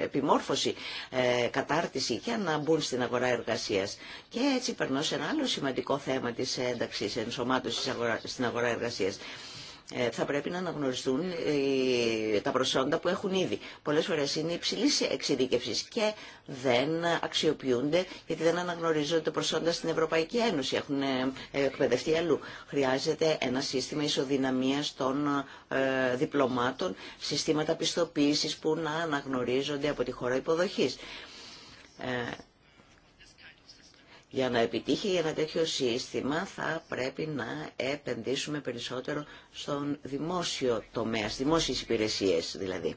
επιμόρφωση, ε, κατάρτιση για να μπουν στην αγορά εργασία. Και έτσι περνώ σε ένα άλλο σημαντικό θέμα τη ένταξη Ενσωμάτωση ενσωμάτωσης στην αγορά εργασίας. Ε, θα πρέπει να αναγνωριστούν ε, τα προσόντα που έχουν ήδη. Πολλές φορές είναι υψηλή εξειδίκευση και δεν αξιοποιούνται γιατί δεν αναγνωρίζονται προσόντα στην Ευρωπαϊκή Ένωση. Έχουν ε, εκπαιδευτεί αλλού. Χρειάζεται ένα σύστημα ισοδυναμίας των διπλωμάτων, συστήματα πιστοποίηση που να αναγνωρίζονται από τη χώρα υποδοχής. Για να επιτύχει ένα τέτοιο σύστημα θα πρέπει να επενδύσουμε περισσότερο στον δημόσιο τομέα, στις δημόσιες υπηρεσίες δηλαδή.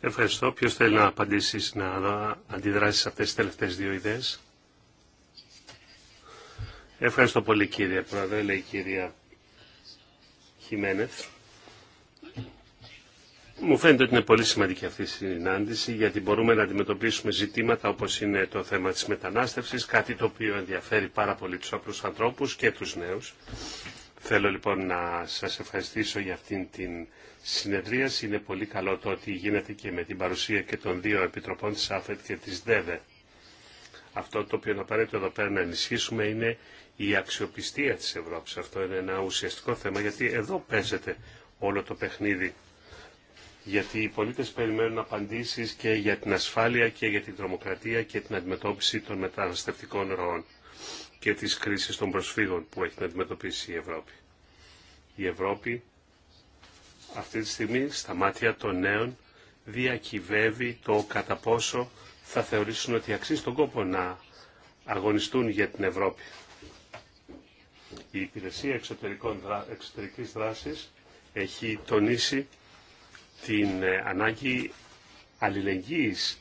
Ευχαριστώ. Ποιος θέλει να απαντήσει, να αντιδράσει σε αυτές τις τελευταίες δύο ιδέες. Ευχαριστώ πολύ κύριε Πρόεδρε, λέει η κυρία Χιμένεθ. Μου φαίνεται ότι είναι πολύ σημαντική αυτή η συνάντηση γιατί μπορούμε να αντιμετωπίσουμε ζητήματα όπως είναι το θέμα της μετανάστευσης, κάτι το οποίο ενδιαφέρει πάρα πολύ τους απλούς ανθρώπους και τους νέους. Θέλω λοιπόν να σας ευχαριστήσω για αυτήν την συνεδρία. Είναι πολύ καλό το ότι γίνεται και με την παρουσία και των δύο επιτροπών της ΑΦΕΤ και της ΔΕΒΕ. Αυτό το οποίο είναι απαραίτητο εδώ πέρα να ενισχύσουμε είναι η αξιοπιστία της Ευρώπης. Αυτό είναι ένα ουσιαστικό θέμα γιατί εδώ παίζεται όλο το παιχνίδι γιατί οι πολίτες περιμένουν απαντήσεις και για την ασφάλεια και για την τρομοκρατία και την αντιμετώπιση των μεταναστευτικών ροών και της κρίσης των προσφύγων που έχει να αντιμετωπίσει η Ευρώπη. Η Ευρώπη αυτή τη στιγμή στα μάτια των νέων διακυβεύει το κατά πόσο θα θεωρήσουν ότι αξίζει τον κόπο να αγωνιστούν για την Ευρώπη. Η Υπηρεσία Εξωτερικών Εξωτερικής Δράσης έχει τονίσει την ε, ανάγκη αλληλεγγύης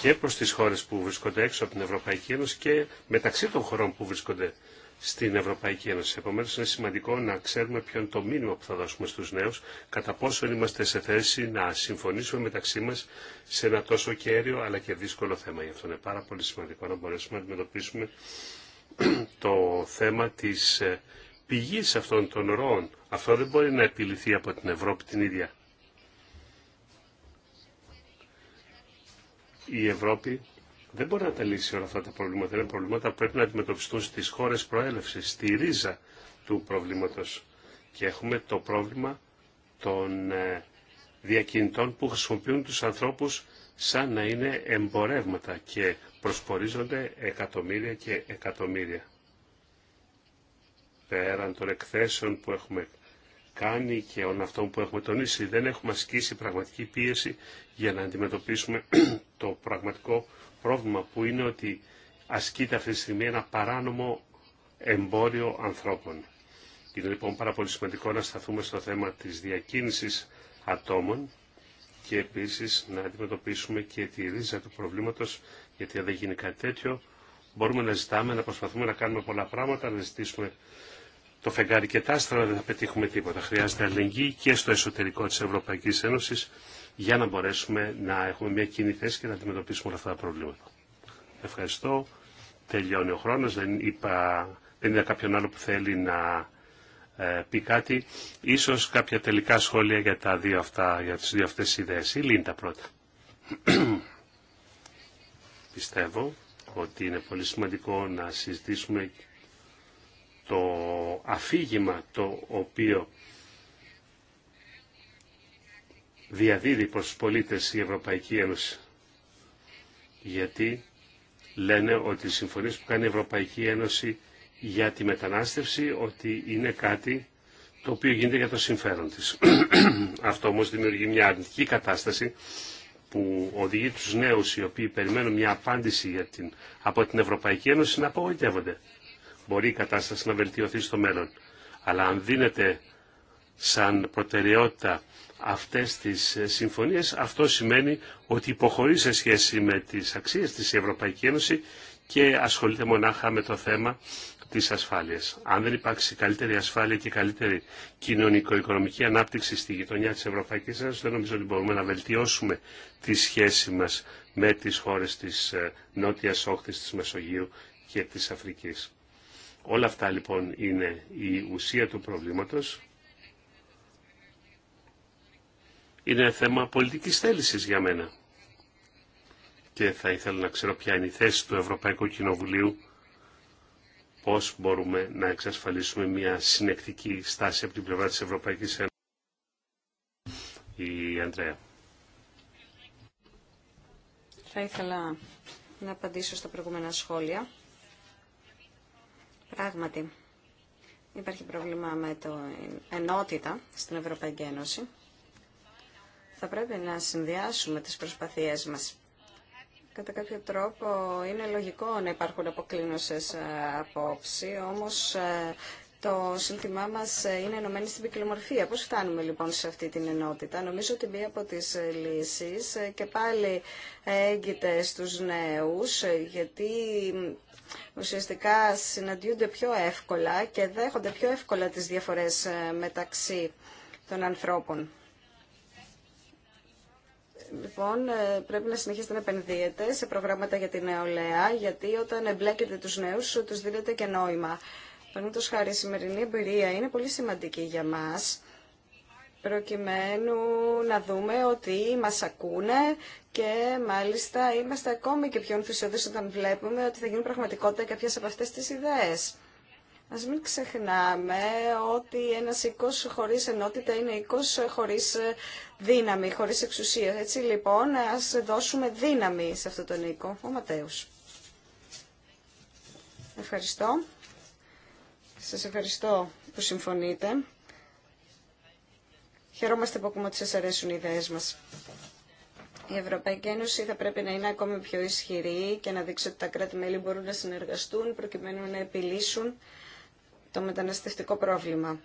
και προς τις χώρες που βρίσκονται έξω από την Ευρωπαϊκή Ένωση και μεταξύ των χωρών που βρίσκονται στην Ευρωπαϊκή Ένωση. Επομένως είναι σημαντικό να ξέρουμε ποιο είναι το μήνυμα που θα δώσουμε στους νέους, κατά πόσο είμαστε σε θέση να συμφωνήσουμε μεταξύ μας σε ένα τόσο κέριο αλλά και δύσκολο θέμα. Γι' αυτό είναι πάρα πολύ σημαντικό να μπορέσουμε να αντιμετωπίσουμε το θέμα της ε, πηγής αυτών των ροών. Αυτό δεν μπορεί να επιληθεί από την Ευρώπη την ίδια η Ευρώπη δεν μπορεί να τα λύσει όλα αυτά τα προβλήματα. Είναι προβλήματα που πρέπει να αντιμετωπιστούν στις χώρες προέλευσης, στη ρίζα του προβλήματος. Και έχουμε το πρόβλημα των ε, διακινητών που χρησιμοποιούν τους ανθρώπους σαν να είναι εμπορεύματα και προσπορίζονται εκατομμύρια και εκατομμύρια. Πέραν των εκθέσεων που έχουμε κάνει και όλων αυτών που έχουμε τονίσει. Δεν έχουμε ασκήσει πραγματική πίεση για να αντιμετωπίσουμε το πραγματικό πρόβλημα που είναι ότι ασκείται αυτή τη στιγμή ένα παράνομο εμπόριο ανθρώπων. Είναι λοιπόν πάρα πολύ σημαντικό να σταθούμε στο θέμα της διακίνησης ατόμων και επίσης να αντιμετωπίσουμε και τη ρίζα του προβλήματος γιατί αν δεν γίνει κάτι τέτοιο μπορούμε να ζητάμε, να προσπαθούμε να κάνουμε πολλά πράγματα, να ζητήσουμε το φεγγάρι και τα άστρα δεν θα πετύχουμε τίποτα. Χρειάζεται αλληλεγγύη και στο εσωτερικό της Ευρωπαϊκής Ένωσης για να μπορέσουμε να έχουμε μια κοινή θέση και να αντιμετωπίσουμε όλα αυτά τα προβλήματα. Ευχαριστώ. Τελειώνει ο χρόνος. Δεν, είπα, δεν είδα κάποιον άλλο που θέλει να ε, πει κάτι. Ίσως κάποια τελικά σχόλια για, τα δύο αυτά, για τις δύο αυτές ιδέες. Η Λίντα πρώτα. Πιστεύω ότι είναι πολύ σημαντικό να συζητήσουμε το αφήγημα το οποίο διαδίδει προς τους πολίτες η Ευρωπαϊκή Ένωση. Γιατί λένε ότι οι συμφωνίες που κάνει η Ευρωπαϊκή Ένωση για τη μετανάστευση ότι είναι κάτι το οποίο γίνεται για το συμφέρον της. Αυτό όμως δημιουργεί μια αρνητική κατάσταση που οδηγεί τους νέους οι οποίοι περιμένουν μια απάντηση από την Ευρωπαϊκή Ένωση να απογοητεύονται μπορεί η κατάσταση να βελτιωθεί στο μέλλον. Αλλά αν δίνεται σαν προτεραιότητα αυτές τις ε, συμφωνίες, αυτό σημαίνει ότι υποχωρεί σε σχέση με τις αξίες της Ευρωπαϊκή Ένωση και ασχολείται μονάχα με το θέμα της ασφάλειας. Αν δεν υπάρξει καλύτερη ασφάλεια και καλύτερη κοινωνικο-οικονομική ανάπτυξη στη γειτονιά της Ευρωπαϊκής Ένωσης, δεν νομίζω ότι μπορούμε να βελτιώσουμε τη σχέση μας με τις χώρες της ε, νότιας όχθης της Μεσογείου και της Αφρικής. Όλα αυτά λοιπόν είναι η ουσία του προβλήματος. Είναι θέμα πολιτικής θέλησης για μένα. Και θα ήθελα να ξέρω ποια είναι η θέση του Ευρωπαϊκού Κοινοβουλίου πώς μπορούμε να εξασφαλίσουμε μια συνεκτική στάση από την πλευρά της Ευρωπαϊκής Ένωσης. Η Αντρέα. Θα ήθελα να απαντήσω στα προηγούμενα σχόλια Πράγματι, υπάρχει πρόβλημα με το ενότητα στην Ευρωπαϊκή Ένωση. Θα πρέπει να συνδυάσουμε τις προσπαθίες μας. Κατά κάποιο τρόπο είναι λογικό να υπάρχουν αποκλίνωσες ε, απόψη, όμως ε, το σύνθημά μας ε, είναι ενωμένοι στην ποικιλομορφία. Πώς φτάνουμε λοιπόν σε αυτή την ενότητα. Νομίζω ότι μία από τις ε, λύσεις ε, και πάλι έγκυται στους νέους, γιατί ουσιαστικά συναντιούνται πιο εύκολα και δέχονται πιο εύκολα τις διαφορές μεταξύ των ανθρώπων. Λοιπόν, πρέπει να συνεχίσετε να επενδύετε σε προγράμματα για την νεολαία, γιατί όταν εμπλέκετε τους νέους, τους δίνετε και νόημα. Παραδείγματο χάρη, η σημερινή εμπειρία είναι πολύ σημαντική για μα, προκειμένου να δούμε ότι μα ακούνε και μάλιστα είμαστε ακόμη και πιο ενθουσιώδει όταν βλέπουμε ότι θα γίνουν πραγματικότητα κάποιε από αυτέ τι ιδέε. Ας μην ξεχνάμε ότι ένας οίκος χωρίς ενότητα είναι οίκος χωρίς δύναμη, χωρίς εξουσία. Έτσι λοιπόν, ας δώσουμε δύναμη σε αυτόν τον οίκο. Ο Ματέους. Ευχαριστώ. Σας ευχαριστώ που συμφωνείτε. Χαιρόμαστε που ακούμε ότι σας αρέσουν οι ιδέες μας. Η Ευρωπαϊκή Ένωση θα πρέπει να είναι ακόμη πιο ισχυρή και να δείξει ότι τα κράτη-μέλη μπορούν να συνεργαστούν προκειμένου να επιλύσουν το μεταναστευτικό πρόβλημα.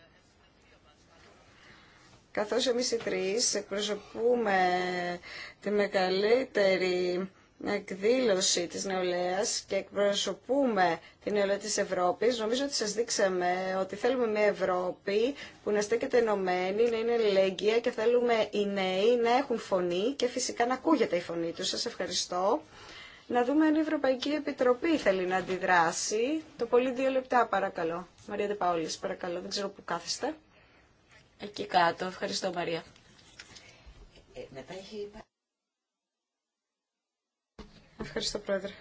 Καθώς εμείς οι τρεις εκπροσωπούμε τη μεγαλύτερη εκδήλωση της νεολαίας και εκπροσωπούμε την νεολαία της Ευρώπης, νομίζω ότι σας δείξαμε ότι θέλουμε μια Ευρώπη που να στέκεται ενωμένη, να είναι ελεγγύα και θέλουμε οι νέοι να έχουν φωνή και φυσικά να ακούγεται η φωνή τους. Σας ευχαριστώ. Να δούμε αν η Ευρωπαϊκή Επιτροπή θέλει να αντιδράσει. Το πολύ δύο λεπτά παρακαλώ. Μαρία Τεπαόλης, παρακαλώ. Δεν ξέρω που κάθεστε. Εκεί κάτω. Ευχαριστώ Μαρία. Ε, μετά Ευχαριστώ, Πρόεδρε.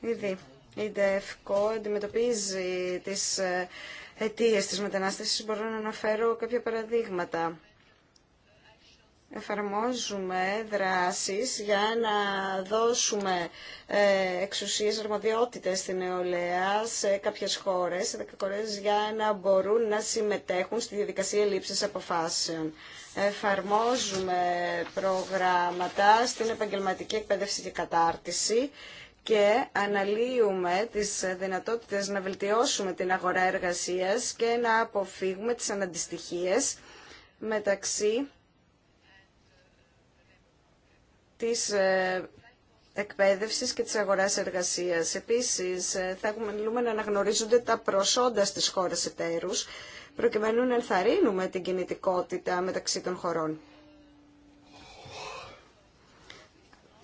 Ήδη η ΔΕΦΚΟ αντιμετωπίζει τις ε, αιτίες της μετανάστευσης. Μπορώ να αναφέρω κάποια παραδείγματα εφαρμόζουμε δράσεις για να δώσουμε ε, εξουσίες, αρμοδιότητες στην νεολαία σε κάποιες χώρες, χώρες για να μπορούν να συμμετέχουν στη διαδικασία λήψης αποφάσεων. Εφαρμόζουμε προγράμματα στην επαγγελματική εκπαίδευση και κατάρτιση και αναλύουμε τις δυνατότητες να βελτιώσουμε την αγορά εργασίας και να αποφύγουμε τις αναντιστοιχίες μεταξύ της ε, εκπαίδευσης και της αγοράς εργασίας. Επίσης, ε, θα έχουμε να αναγνωρίζονται τα προσόντα στις χώρες εταίρους, προκειμένου να ενθαρρύνουμε την κινητικότητα μεταξύ των χωρών.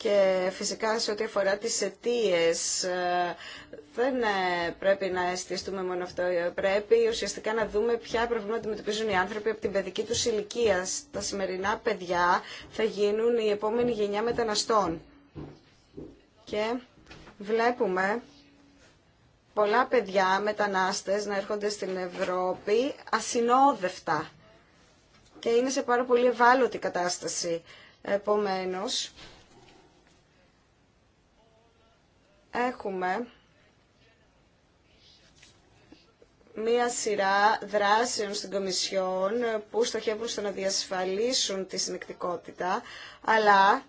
Και φυσικά σε ό,τι αφορά τις αιτίε, ε, δεν ε, πρέπει να εστιαστούμε μόνο αυτό. Ε, πρέπει ουσιαστικά να δούμε ποια προβλήματα αντιμετωπίζουν οι άνθρωποι από την παιδική τους ηλικία. Τα σημερινά παιδιά θα γίνουν η επόμενη γενιά μεταναστών. Και βλέπουμε πολλά παιδιά μετανάστες να έρχονται στην Ευρώπη ασυνόδευτα. Και είναι σε πάρα πολύ ευάλωτη κατάσταση. Επομένως, έχουμε μία σειρά δράσεων στην Κομισιόν που στοχεύουν στο να διασφαλίσουν τη συνεκτικότητα, αλλά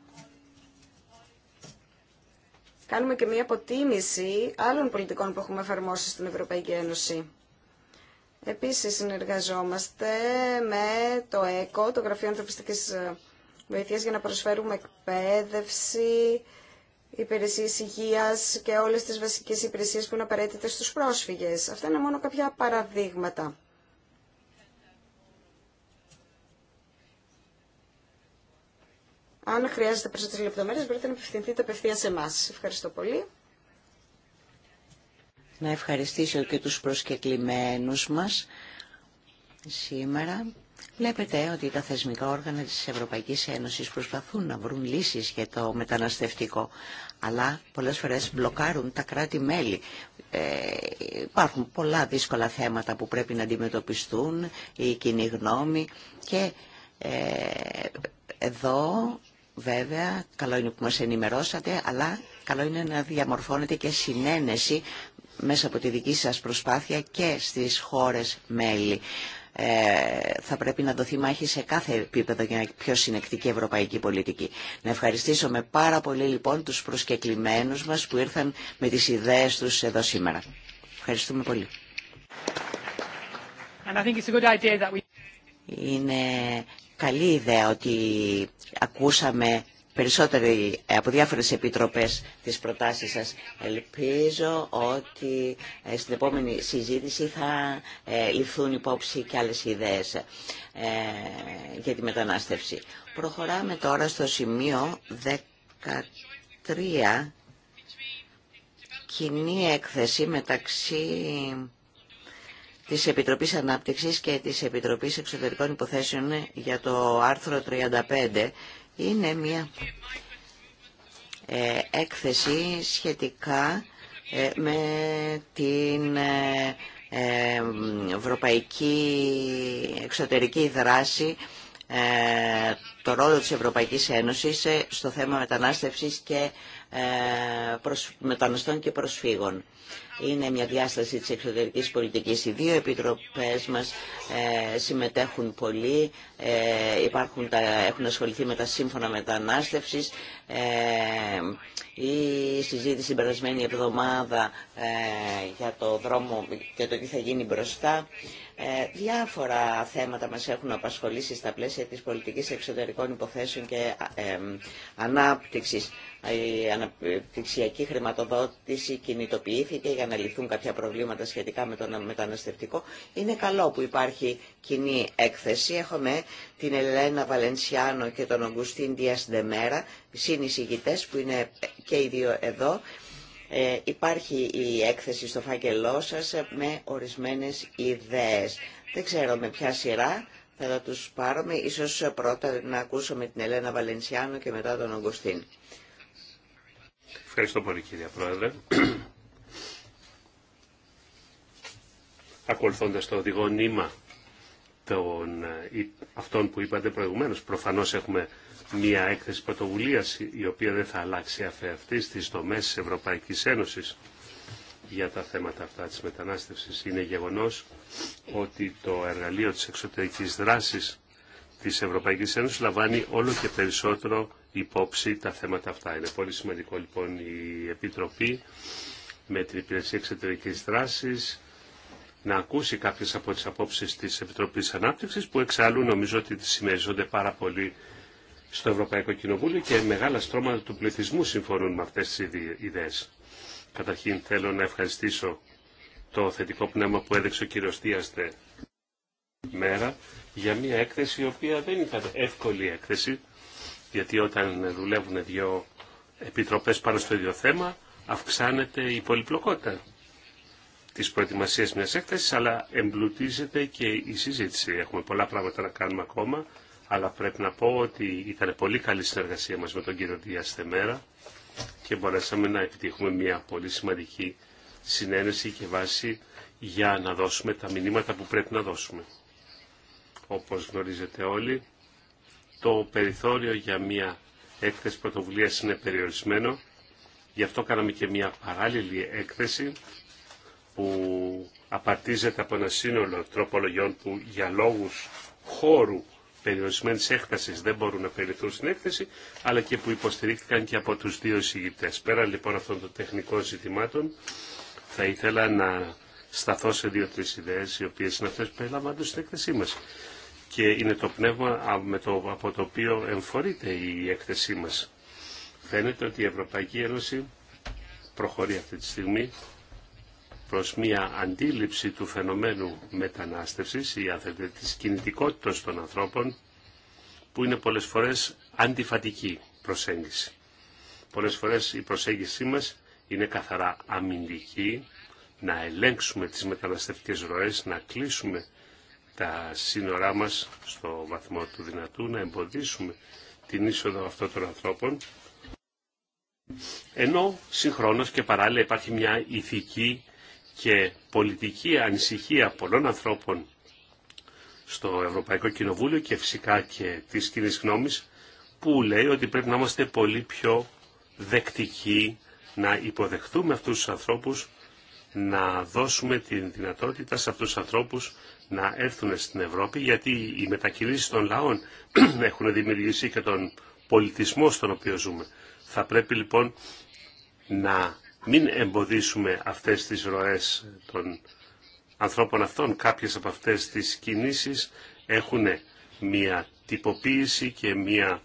κάνουμε και μία αποτίμηση άλλων πολιτικών που έχουμε εφαρμόσει στην Ευρωπαϊκή Ένωση. Επίσης συνεργαζόμαστε με το ΕΚΟ, το Γραφείο Ανθρωπιστικής Βοηθείας, για να προσφέρουμε εκπαίδευση, υπηρεσίε υγεία και όλες τις βασικές υπηρεσίες που είναι απαραίτητε στους πρόσφυγες. Αυτά είναι μόνο κάποια παραδείγματα. Αν χρειάζεται περισσότερες λεπτομέρειες, μπορείτε να απευθυνθείτε απευθεία σε εμά. Ευχαριστώ πολύ. Να ευχαριστήσω και τους προσκεκλημένους μας σήμερα. Βλέπετε ότι τα θεσμικά όργανα της Ευρωπαϊκής Ένωσης προσπαθούν να βρουν λύσεις για το μεταναστευτικό, αλλά πολλές φορές μπλοκάρουν τα κράτη-μέλη. Ε, υπάρχουν πολλά δύσκολα θέματα που πρέπει να αντιμετωπιστούν, η κοινή γνώμη και ε, εδώ βέβαια καλό είναι που μας ενημερώσατε, αλλά καλό είναι να διαμορφώνεται και συνένεση μέσα από τη δική σας προσπάθεια και στις χώρες μέλη. Ε, θα πρέπει να δοθεί μάχη σε κάθε επίπεδο για μια πιο συνεκτική ευρωπαϊκή πολιτική. Να ευχαριστήσω με πάρα πολύ λοιπόν τους προσκεκλημένους μας που ήρθαν με τις ιδέες τους εδώ σήμερα. Ευχαριστούμε πολύ. Είναι καλή ιδέα ότι ακούσαμε περισσότεροι ε, από διάφορες επιτροπές τις προτάσεις σας. Ελπίζω ότι ε, στην επόμενη συζήτηση θα ε, ληφθούν υπόψη και άλλες ιδέες για τη μετανάστευση. Προχωράμε τώρα στο σημείο 13, κοινή έκθεση μεταξύ της Επιτροπής Ανάπτυξης και της Επιτροπής Εξωτερικών Υποθέσεων για το άρθρο 35 είναι μια ε, έκθεση σχετικά ε, με την ε, ευρωπαϊκή εξωτερική δράση το ρόλο της Ευρωπαϊκής Ένωσης στο θέμα μετανάστευσης και ε, μεταναστών και προσφύγων. Είναι μια διάσταση της εξωτερικής πολιτικής. Οι δύο επιτροπές μας ε, συμμετέχουν πολύ, ε, υπάρχουν τα, έχουν ασχοληθεί με τα σύμφωνα μετανάστευσης. η συζήτηση την περασμένη εβδομάδα για το δρόμο και το τι θα γίνει μπροστά. Ε, διάφορα θέματα μας έχουν απασχολήσει στα πλαίσια της πολιτικής εξωτερικών υποθέσεων και ε, ε, ανάπτυξης. Η αναπτυξιακή χρηματοδότηση κινητοποιήθηκε για να λυθούν κάποια προβλήματα σχετικά με το μεταναστευτικό. Είναι καλό που υπάρχει κοινή έκθεση. Έχουμε την Ελένα Βαλενσιάνο και τον Ογκουστίν Δίας Δεμέρα, συνεισηγητές που είναι και οι δύο εδώ. Ε, υπάρχει η έκθεση στο φάκελό σας με ορισμένες ιδέες. Δεν ξέρω με ποια σειρά θα τα τους πάρουμε. Ίσως πρώτα να ακούσουμε την Ελένα Βαλενσιάνο και μετά τον Ογκοστίν. Ευχαριστώ πολύ κύριε Πρόεδρε. Ακολουθώντας το οδηγό των, ε, αυτών που είπατε προηγουμένως, προφανώς έχουμε μια έκθεση πρωτοβουλία η οποία δεν θα αλλάξει αφ' αυτή στις δομές της Ευρωπαϊκής Ένωσης για τα θέματα αυτά της μετανάστευσης. Είναι γεγονός ότι το εργαλείο της εξωτερικής δράσης της Ευρωπαϊκής Ένωσης λαμβάνει όλο και περισσότερο υπόψη τα θέματα αυτά. Είναι πολύ σημαντικό λοιπόν η Επιτροπή με την Υπηρεσία Εξωτερικής Δράσης να ακούσει κάποιες από τις απόψεις της Επιτροπής Ανάπτυξης που εξάλλου νομίζω ότι τις συμμεριζόνται πάρα πολύ στο Ευρωπαϊκό Κοινοβούλιο και μεγάλα στρώματα του πληθυσμού συμφωνούν με αυτές τις ιδέες. Καταρχήν θέλω να ευχαριστήσω το θετικό πνεύμα που έδειξε ο κύριος Δίας μέρα για μια έκθεση η οποία δεν ήταν εύκολη έκθεση γιατί όταν δουλεύουν δύο επιτροπές πάνω στο ίδιο θέμα αυξάνεται η πολυπλοκότητα της προετοιμασίας μιας έκθεσης αλλά εμπλουτίζεται και η συζήτηση. Έχουμε πολλά πράγματα να κάνουμε ακόμα αλλά πρέπει να πω ότι ήταν πολύ καλή συνεργασία μας με τον κύριο Στεμέρα και μπορέσαμε να επιτύχουμε μια πολύ σημαντική συνένεση και βάση για να δώσουμε τα μηνύματα που πρέπει να δώσουμε. Όπως γνωρίζετε όλοι, το περιθώριο για μια έκθεση πρωτοβουλία είναι περιορισμένο, γι' αυτό κάναμε και μια παράλληλη έκθεση που απαρτίζεται από ένα σύνολο τροπολογιών που για λόγους χώρου περιορισμένη έκταση δεν μπορούν να περιληφθούν στην έκθεση, αλλά και που υποστηρίχθηκαν και από τους δύο εισηγητέ. Πέρα λοιπόν αυτών των τεχνικών ζητημάτων, θα ήθελα να σταθώ σε δυο τρει ιδέε, οι οποίες είναι αυτέ που περιλαμβάνονται στην έκθεσή μας. Και είναι το πνεύμα με το, από το οποίο εμφορείται η έκθεσή μα. Φαίνεται ότι η Ευρωπαϊκή Ένωση προχωρεί αυτή τη στιγμή προς μια αντίληψη του φαινομένου μετανάστευσης ή αν θέλετε της κινητικότητας των ανθρώπων που είναι πολλές φορές αντιφατική προσέγγιση. Πολλές φορές η αν της κινητικοτητας των ανθρωπων που ειναι πολλες φορες αντιφατικη προσεγγιση πολλες φορες η προσεγγιση μας είναι καθαρά αμυντική, να ελέγξουμε τις μεταναστευτικές ροές, να κλείσουμε τα σύνορά μας στο βαθμό του δυνατού, να εμποδίσουμε την είσοδο αυτών των ανθρώπων, ενώ συγχρόνως και παράλληλα υπάρχει μια ηθική και πολιτική ανησυχία πολλών ανθρώπων στο Ευρωπαϊκό Κοινοβούλιο και φυσικά και της κοινή γνώμης που λέει ότι πρέπει να είμαστε πολύ πιο δεκτικοί να υποδεχτούμε αυτούς τους ανθρώπους, να δώσουμε την δυνατότητα σε αυτούς τους ανθρώπους να έρθουν στην Ευρώπη γιατί οι μετακινήσεις των λαών έχουν δημιουργήσει και τον πολιτισμό στον οποίο ζούμε. Θα πρέπει λοιπόν να μην εμποδίσουμε αυτές τις ροές των ανθρώπων αυτών. Κάποιες από αυτές τις κινήσεις έχουν μια τυποποίηση και μια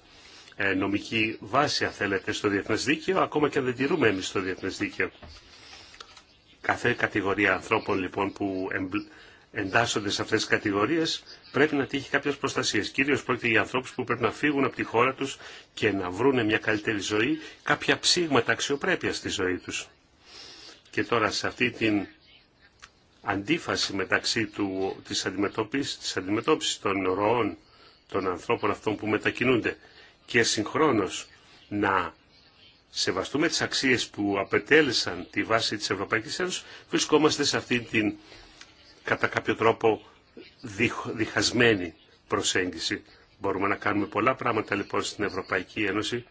ε, νομική βάση, αν θέλετε, στο διεθνές δίκαιο, ακόμα και αν δεν τηρούμε εμείς στο διεθνές δίκαιο. Κάθε κατηγορία ανθρώπων, λοιπόν, που εντάσσονται σε αυτές τις κατηγορίες πρέπει να τύχει κάποιε προστασίε. Κυρίω πρόκειται για ανθρώπου που πρέπει να φύγουν από τη χώρα του και να βρουν μια καλύτερη ζωή, κάποια ψήγματα αξιοπρέπεια στη ζωή του. Και τώρα σε αυτή την αντίφαση μεταξύ του, της, αντιμετώπισης, της αντιμετώπισης των ροών των ανθρώπων αυτών που μετακινούνται και συγχρόνως να σεβαστούμε τις αξίες που απετέλεσαν τη βάση της Ευρωπαϊκής Ένωσης, βρισκόμαστε σε αυτή την κατά κάποιο τρόπο διχασμένη προσέγγιση. Μπορούμε να κάνουμε πολλά πράγματα λοιπόν στην Ευρωπαϊκή Ένωση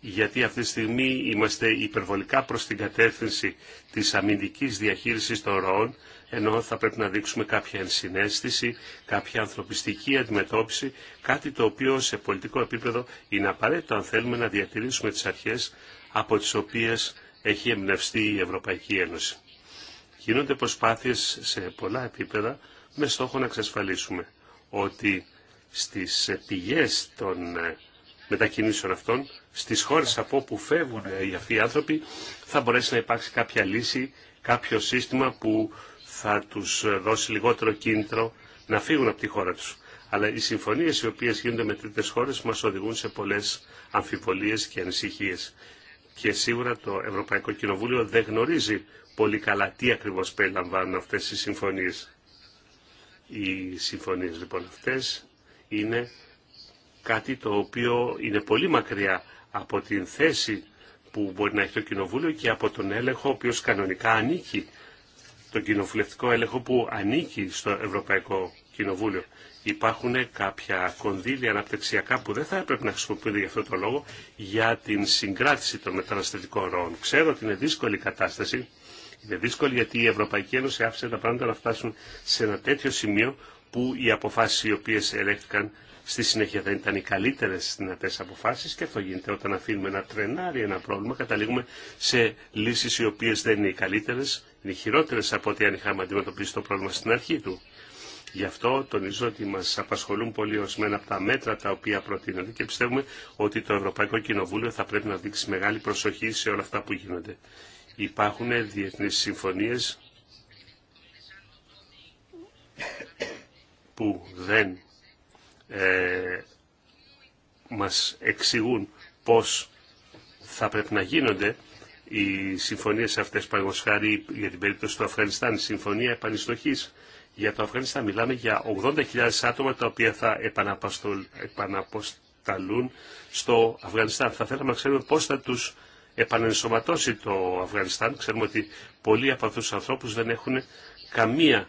γιατί αυτή τη στιγμή είμαστε υπερβολικά προς την κατεύθυνση της αμυντικής διαχείρισης των ροών, ενώ θα πρέπει να δείξουμε κάποια ενσυναίσθηση, κάποια ανθρωπιστική αντιμετώπιση, κάτι το οποίο σε πολιτικό επίπεδο είναι απαραίτητο αν θέλουμε να διατηρήσουμε τις αρχές από τις οποίες έχει εμπνευστεί η Ευρωπαϊκή Ένωση. Γίνονται προσπάθειες σε πολλά επίπεδα με στόχο να εξασφαλίσουμε ότι στις πηγές των ε, μετακινήσεων αυτών, στις χώρες από όπου φεύγουν ε, οι αυτοί οι άνθρωποι, θα μπορέσει να υπάρξει κάποια λύση, κάποιο σύστημα που θα τους ε, δώσει λιγότερο κίνητρο να φύγουν από τη χώρα τους. Αλλά οι συμφωνίες οι οποίες γίνονται με τρίτες χώρες μας οδηγούν σε πολλές αμφιβολίες και ανησυχίες. Και σίγουρα το Ευρωπαϊκό Κοινοβούλιο δεν γνωρίζει πολύ καλά τι ακριβώς περιλαμβάνουν αυτές οι συμφωνίες. Οι συμφωνίες λοιπόν αυτές είναι κάτι το οποίο είναι πολύ μακριά από την θέση που μπορεί να έχει το Κοινοβούλιο και από τον έλεγχο ο οποίος κανονικά ανήκει, τον κοινοβουλευτικό έλεγχο που ανήκει στο Ευρωπαϊκό Κοινοβούλιο. Υπάρχουν κάποια κονδύλια αναπτυξιακά που δεν θα έπρεπε να χρησιμοποιούνται για αυτό το λόγο για την συγκράτηση των μεταναστευτικών ροών. Ξέρω ότι είναι δύσκολη η κατάσταση είναι δύσκολη γιατί η Ευρωπαϊκή Ένωση άφησε τα πράγματα να φτάσουν σε ένα τέτοιο σημείο που οι αποφάσει οι οποίε ελέγχθηκαν στη συνέχεια δεν ήταν οι καλύτερε δυνατέ αποφάσει και αυτό γίνεται όταν αφήνουμε ένα τρενάρι, ένα πρόβλημα, καταλήγουμε σε λύσει οι οποίε δεν είναι οι καλύτερε, είναι χειρότερε από ό,τι αν είχαμε αντιμετωπίσει το πρόβλημα στην αρχή του. Γι' αυτό τονίζω ότι μα απασχολούν πολύ ορισμένα από τα μέτρα τα οποία προτείνονται και πιστεύουμε ότι το Ευρωπαϊκό Κοινοβούλιο θα πρέπει να δείξει μεγάλη προσοχή σε όλα αυτά που γίνονται. Υπάρχουν διεθνείς συμφωνίες που δεν ε, μας εξηγούν πώς θα πρέπει να γίνονται οι συμφωνίες αυτές παραγωγή για την περίπτωση του Αφγανιστάν, η συμφωνία επανιστοχής για το Αφγανιστάν. Μιλάμε για 80.000 άτομα τα οποία θα επαναποσταλούν στο Αφγανιστάν. Θα θέλαμε να ξέρουμε πώς θα τους επανενσωματώσει το Αφγανιστάν. Ξέρουμε ότι πολλοί από αυτούς τους ανθρώπους δεν έχουν καμία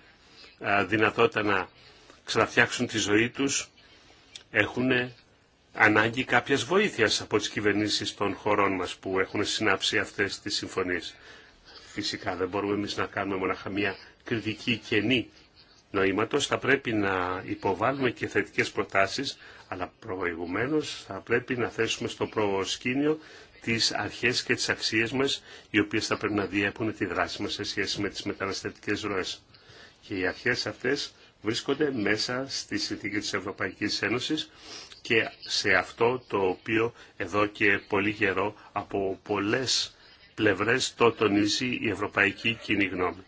δυνατότητα να ξαναφτιάξουν τη ζωή τους. Έχουν ανάγκη κάποιας βοήθειας από τις κυβερνήσεις των χωρών μας που έχουν συνάψει αυτές τις συμφωνίες. Φυσικά δεν μπορούμε εμείς να κάνουμε μόνο μια κριτική κενή νοήματος. Θα πρέπει να υποβάλουμε και θετικές προτάσεις, αλλά προηγουμένως θα πρέπει να θέσουμε στο προσκήνιο τις αρχές και τις αξίες μας, οι οποίες θα πρέπει να διέπουν τη δράση μας σε σχέση με τις μεταναστευτικές ροές. Και οι αρχές αυτές βρίσκονται μέσα στη συνθήκη της Ευρωπαϊκής Ένωσης και σε αυτό το οποίο εδώ και πολύ καιρό από πολλές πλευρές το τονίζει η ευρωπαϊκή κοινή γνώμη.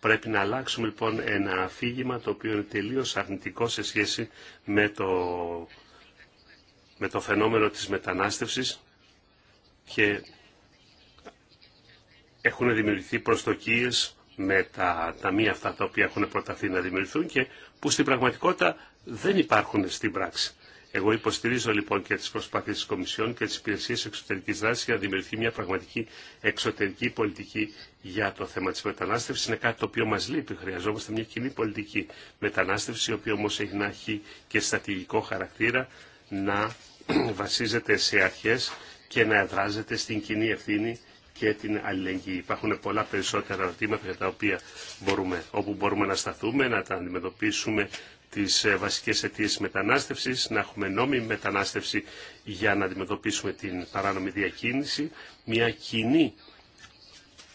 Πρέπει να αλλάξουμε λοιπόν ένα αφήγημα το οποίο είναι τελείως αρνητικό σε σχέση με το, με το φαινόμενο της μετανάστευσης και έχουν δημιουργηθεί προστοκίες με τα ταμεία αυτά τα οποία έχουν προταθεί να δημιουργηθούν και που στην πραγματικότητα δεν υπάρχουν στην πράξη. Εγώ υποστηρίζω λοιπόν και τις προσπάθειες της Κομισιόν και τις υπηρεσίες εξωτερικής δράσης για να δημιουργηθεί μια πραγματική εξωτερική πολιτική για το θέμα της μετανάστευσης. Είναι κάτι το οποίο μας λείπει. Χρειαζόμαστε μια κοινή πολιτική μετανάστευση, η οποία όμως έχει να έχει και στατηγικό χαρακτήρα να βασίζεται σε αρχές και να εδράζεται στην κοινή ευθύνη και την αλληλεγγύη. Υπάρχουν πολλά περισσότερα ερωτήματα για τα οποία μπορούμε, όπου μπορούμε να σταθούμε, να τα αντιμετωπίσουμε τις ε, βασικές αιτίες μετανάστευσης, να έχουμε νόμιμη μετανάστευση για να αντιμετωπίσουμε την παράνομη διακίνηση, μια κοινή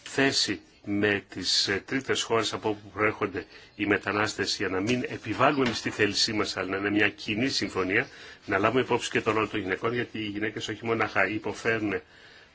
θέση με τις ε, τρίτες χώρες από όπου προέρχονται οι μετανάστες για να μην επιβάλλουμε στη τη θέλησή μας αλλά να είναι μια κοινή συμφωνία να λάβουμε υπόψη και τον ρόλο των γυναικών γιατί οι γυναίκες όχι μόνο υποφέρουν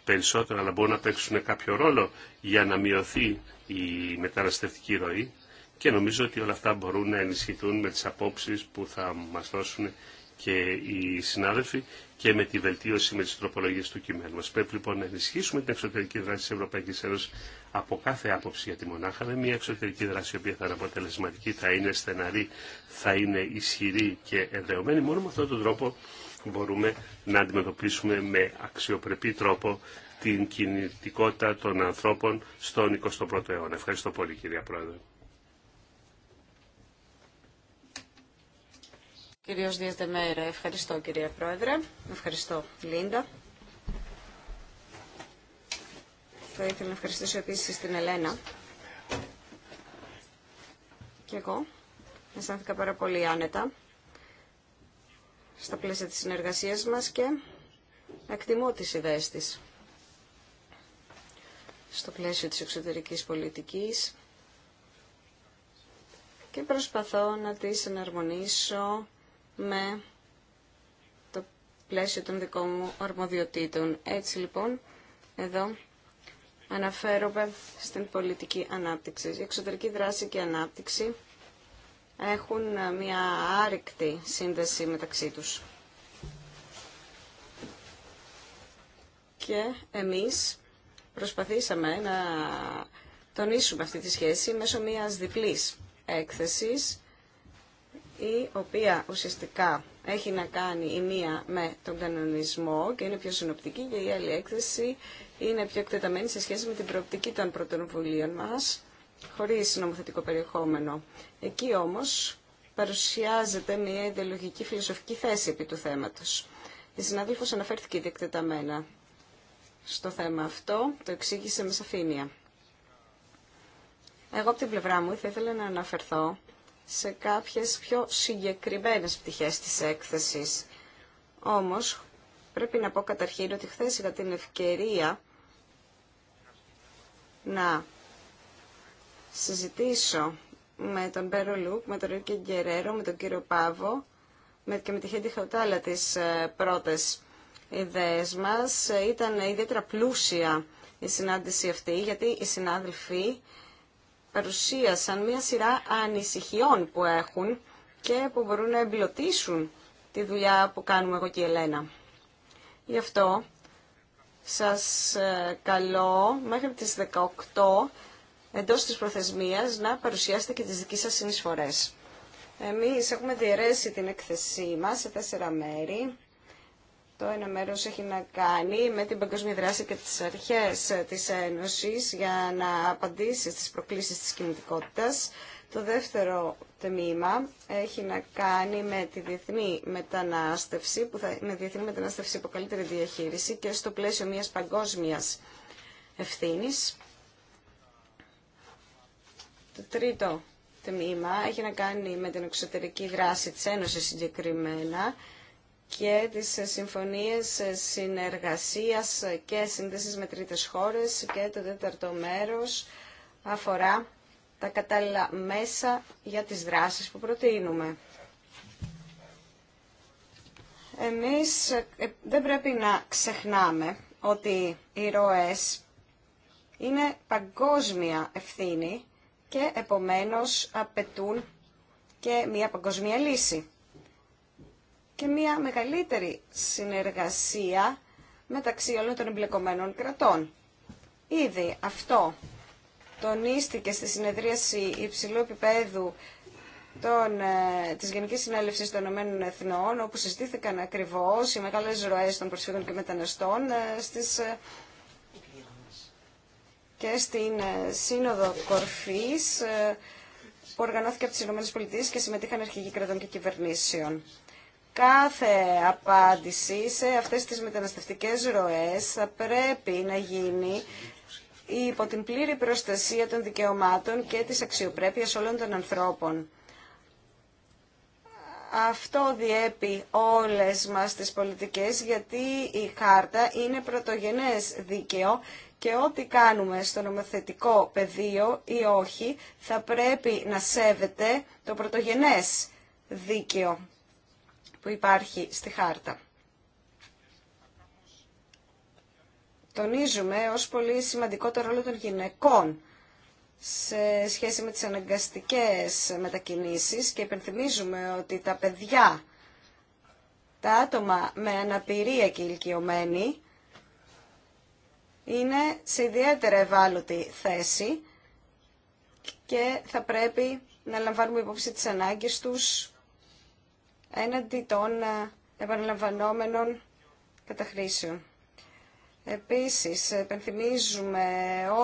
περισσότερο αλλά μπορούν να παίξουν κάποιο ρόλο για να μειωθεί η μεταναστευτική ροή και νομίζω ότι όλα αυτά μπορούν να ενισχυθούν με τις απόψεις που θα μας δώσουν και οι συνάδελφοι και με τη βελτίωση με τι τροπολογίε του κειμένου μα. Πρέπει λοιπόν να ενισχύσουμε την εξωτερική δράση τη Ευρωπαϊκή Ένωση από κάθε άποψη, γιατί μονάχα με μια εξωτερική δράση η οποία θα είναι αποτελεσματική, θα είναι στεναρή, θα είναι ισχυρή και εδρεωμένη. Μόνο με αυτόν τον τρόπο μπορούμε να αντιμετωπίσουμε με αξιοπρεπή τρόπο την κινητικότητα των ανθρώπων στον 21ο αιώνα. Ευχαριστώ πολύ, κυρία Πρόεδρε. Κύριος Δίας ευχαριστώ κυρία Πρόεδρε. Ευχαριστώ Λίντα. Θα ήθελα να ευχαριστήσω επίσης την Ελένα. Και εγώ αισθάνθηκα πάρα πολύ άνετα στα πλαίσια της συνεργασίας μας και εκτιμώ τις ιδέες της. Στο πλαίσιο της εξωτερικής πολιτικής και προσπαθώ να τις εναρμονίσω με το πλαίσιο των δικών μου αρμοδιοτήτων. Έτσι λοιπόν, εδώ αναφέρομαι στην πολιτική ανάπτυξη. Η εξωτερική δράση και ανάπτυξη έχουν μια άρρηκτη σύνδεση μεταξύ τους. Και εμείς προσπαθήσαμε να τονίσουμε αυτή τη σχέση μέσω μιας διπλής έκθεσης η οποία ουσιαστικά έχει να κάνει η μία με τον κανονισμό και είναι πιο συνοπτική και η άλλη έκθεση είναι πιο εκτεταμένη σε σχέση με την προοπτική των πρωτοβουλίων μας, χωρίς νομοθετικό περιεχόμενο. Εκεί όμως παρουσιάζεται μια ιδεολογική φιλοσοφική θέση επί του θέματος. Η συνάδελφος αναφέρθηκε ήδη εκτεταμένα στο θέμα αυτό, το εξήγησε με σαφήνεια. Εγώ από την πλευρά μου θα ήθελα να αναφερθώ σε κάποιες πιο συγκεκριμένες πτυχές της έκθεσης. Όμως, πρέπει να πω καταρχήν ότι χθε είχα την ευκαιρία να συζητήσω με τον Πέρο Λουκ, με τον Ρίκε Γκερέρο, με τον κύριο Πάβο και με τη Χέντι Χαουτάλα τις ε, πρώτες ιδέες μας. Ε, ήταν ιδιαίτερα πλούσια η συνάντηση αυτή, γιατί οι συνάδελφοι παρουσίασαν μία σειρά ανησυχιών που έχουν και που μπορούν να εμπλωτίσουν τη δουλειά που κάνουμε εγώ και η Ελένα. Γι' αυτό σας ε, καλώ μέχρι τις 18 εντός της προθεσμίας να παρουσιάσετε και τις δικές σας συνεισφορές. Εμείς έχουμε διαιρέσει την έκθεσή μας σε τέσσερα μέρη. Το ένα μέρος έχει να κάνει με την παγκόσμια δράση και τις αρχές ε, της Ένωσης για να απαντήσει στις προκλήσεις της κινητικότητας. Το δεύτερο τμήμα έχει να κάνει με τη διεθνή μετανάστευση, που θα είναι διεθνή μετανάστευση από καλύτερη διαχείριση και στο πλαίσιο μιας παγκόσμιας ευθύνης. Το τρίτο τμήμα έχει να κάνει με την εξωτερική δράση της Ένωσης συγκεκριμένα και τις συμφωνίες συνεργασίας και σύνδεσης με τρίτες χώρες και το τέταρτο μέρος αφορά τα κατάλληλα μέσα για τις δράσεις που προτείνουμε. Εμείς ε, δεν πρέπει να ξεχνάμε ότι οι ροές είναι παγκόσμια ευθύνη και επομένως απαιτούν και μια παγκόσμια λύση και μια μεγαλύτερη συνεργασία μεταξύ όλων των εμπλεκομένων κρατών. Ήδη αυτό τονίστηκε στη συνεδρίαση υψηλού επίπεδου των, ε, της Γενικής Συνέλευσης των Ηνωμένων Εθνών, όπου συζητήθηκαν ακριβώς οι μεγάλες ροές των προσφύγων και μεταναστών ε, στις, ε, και στην ε, Σύνοδο Κορφής που οργανώθηκε από τις Ηνωμένες Πολιτείες και συμμετείχαν αρχηγοί κρατών και κυβερνήσεων κάθε απάντηση σε αυτές τις μεταναστευτικές ροές θα πρέπει να γίνει υπό την πλήρη προστασία των δικαιωμάτων και της αξιοπρέπειας όλων των ανθρώπων. Αυτό διέπει όλες μας τις πολιτικές γιατί η χάρτα είναι πρωτογενές δίκαιο και ό,τι κάνουμε στο νομοθετικό πεδίο ή όχι θα πρέπει να σέβεται το πρωτογενές δίκαιο που υπάρχει στη χάρτα. Τονίζουμε ως πολύ σημαντικό το ρόλο των γυναικών σε σχέση με τις αναγκαστικές μετακινήσεις και υπενθυμίζουμε ότι τα παιδιά, τα άτομα με αναπηρία και ηλικιωμένοι είναι σε ιδιαίτερα ευάλωτη θέση και θα πρέπει να λαμβάνουμε υπόψη τις ανάγκες τους έναντι των ε, επαναλαμβανόμενων καταχρήσεων. Επίσης, επενθυμίζουμε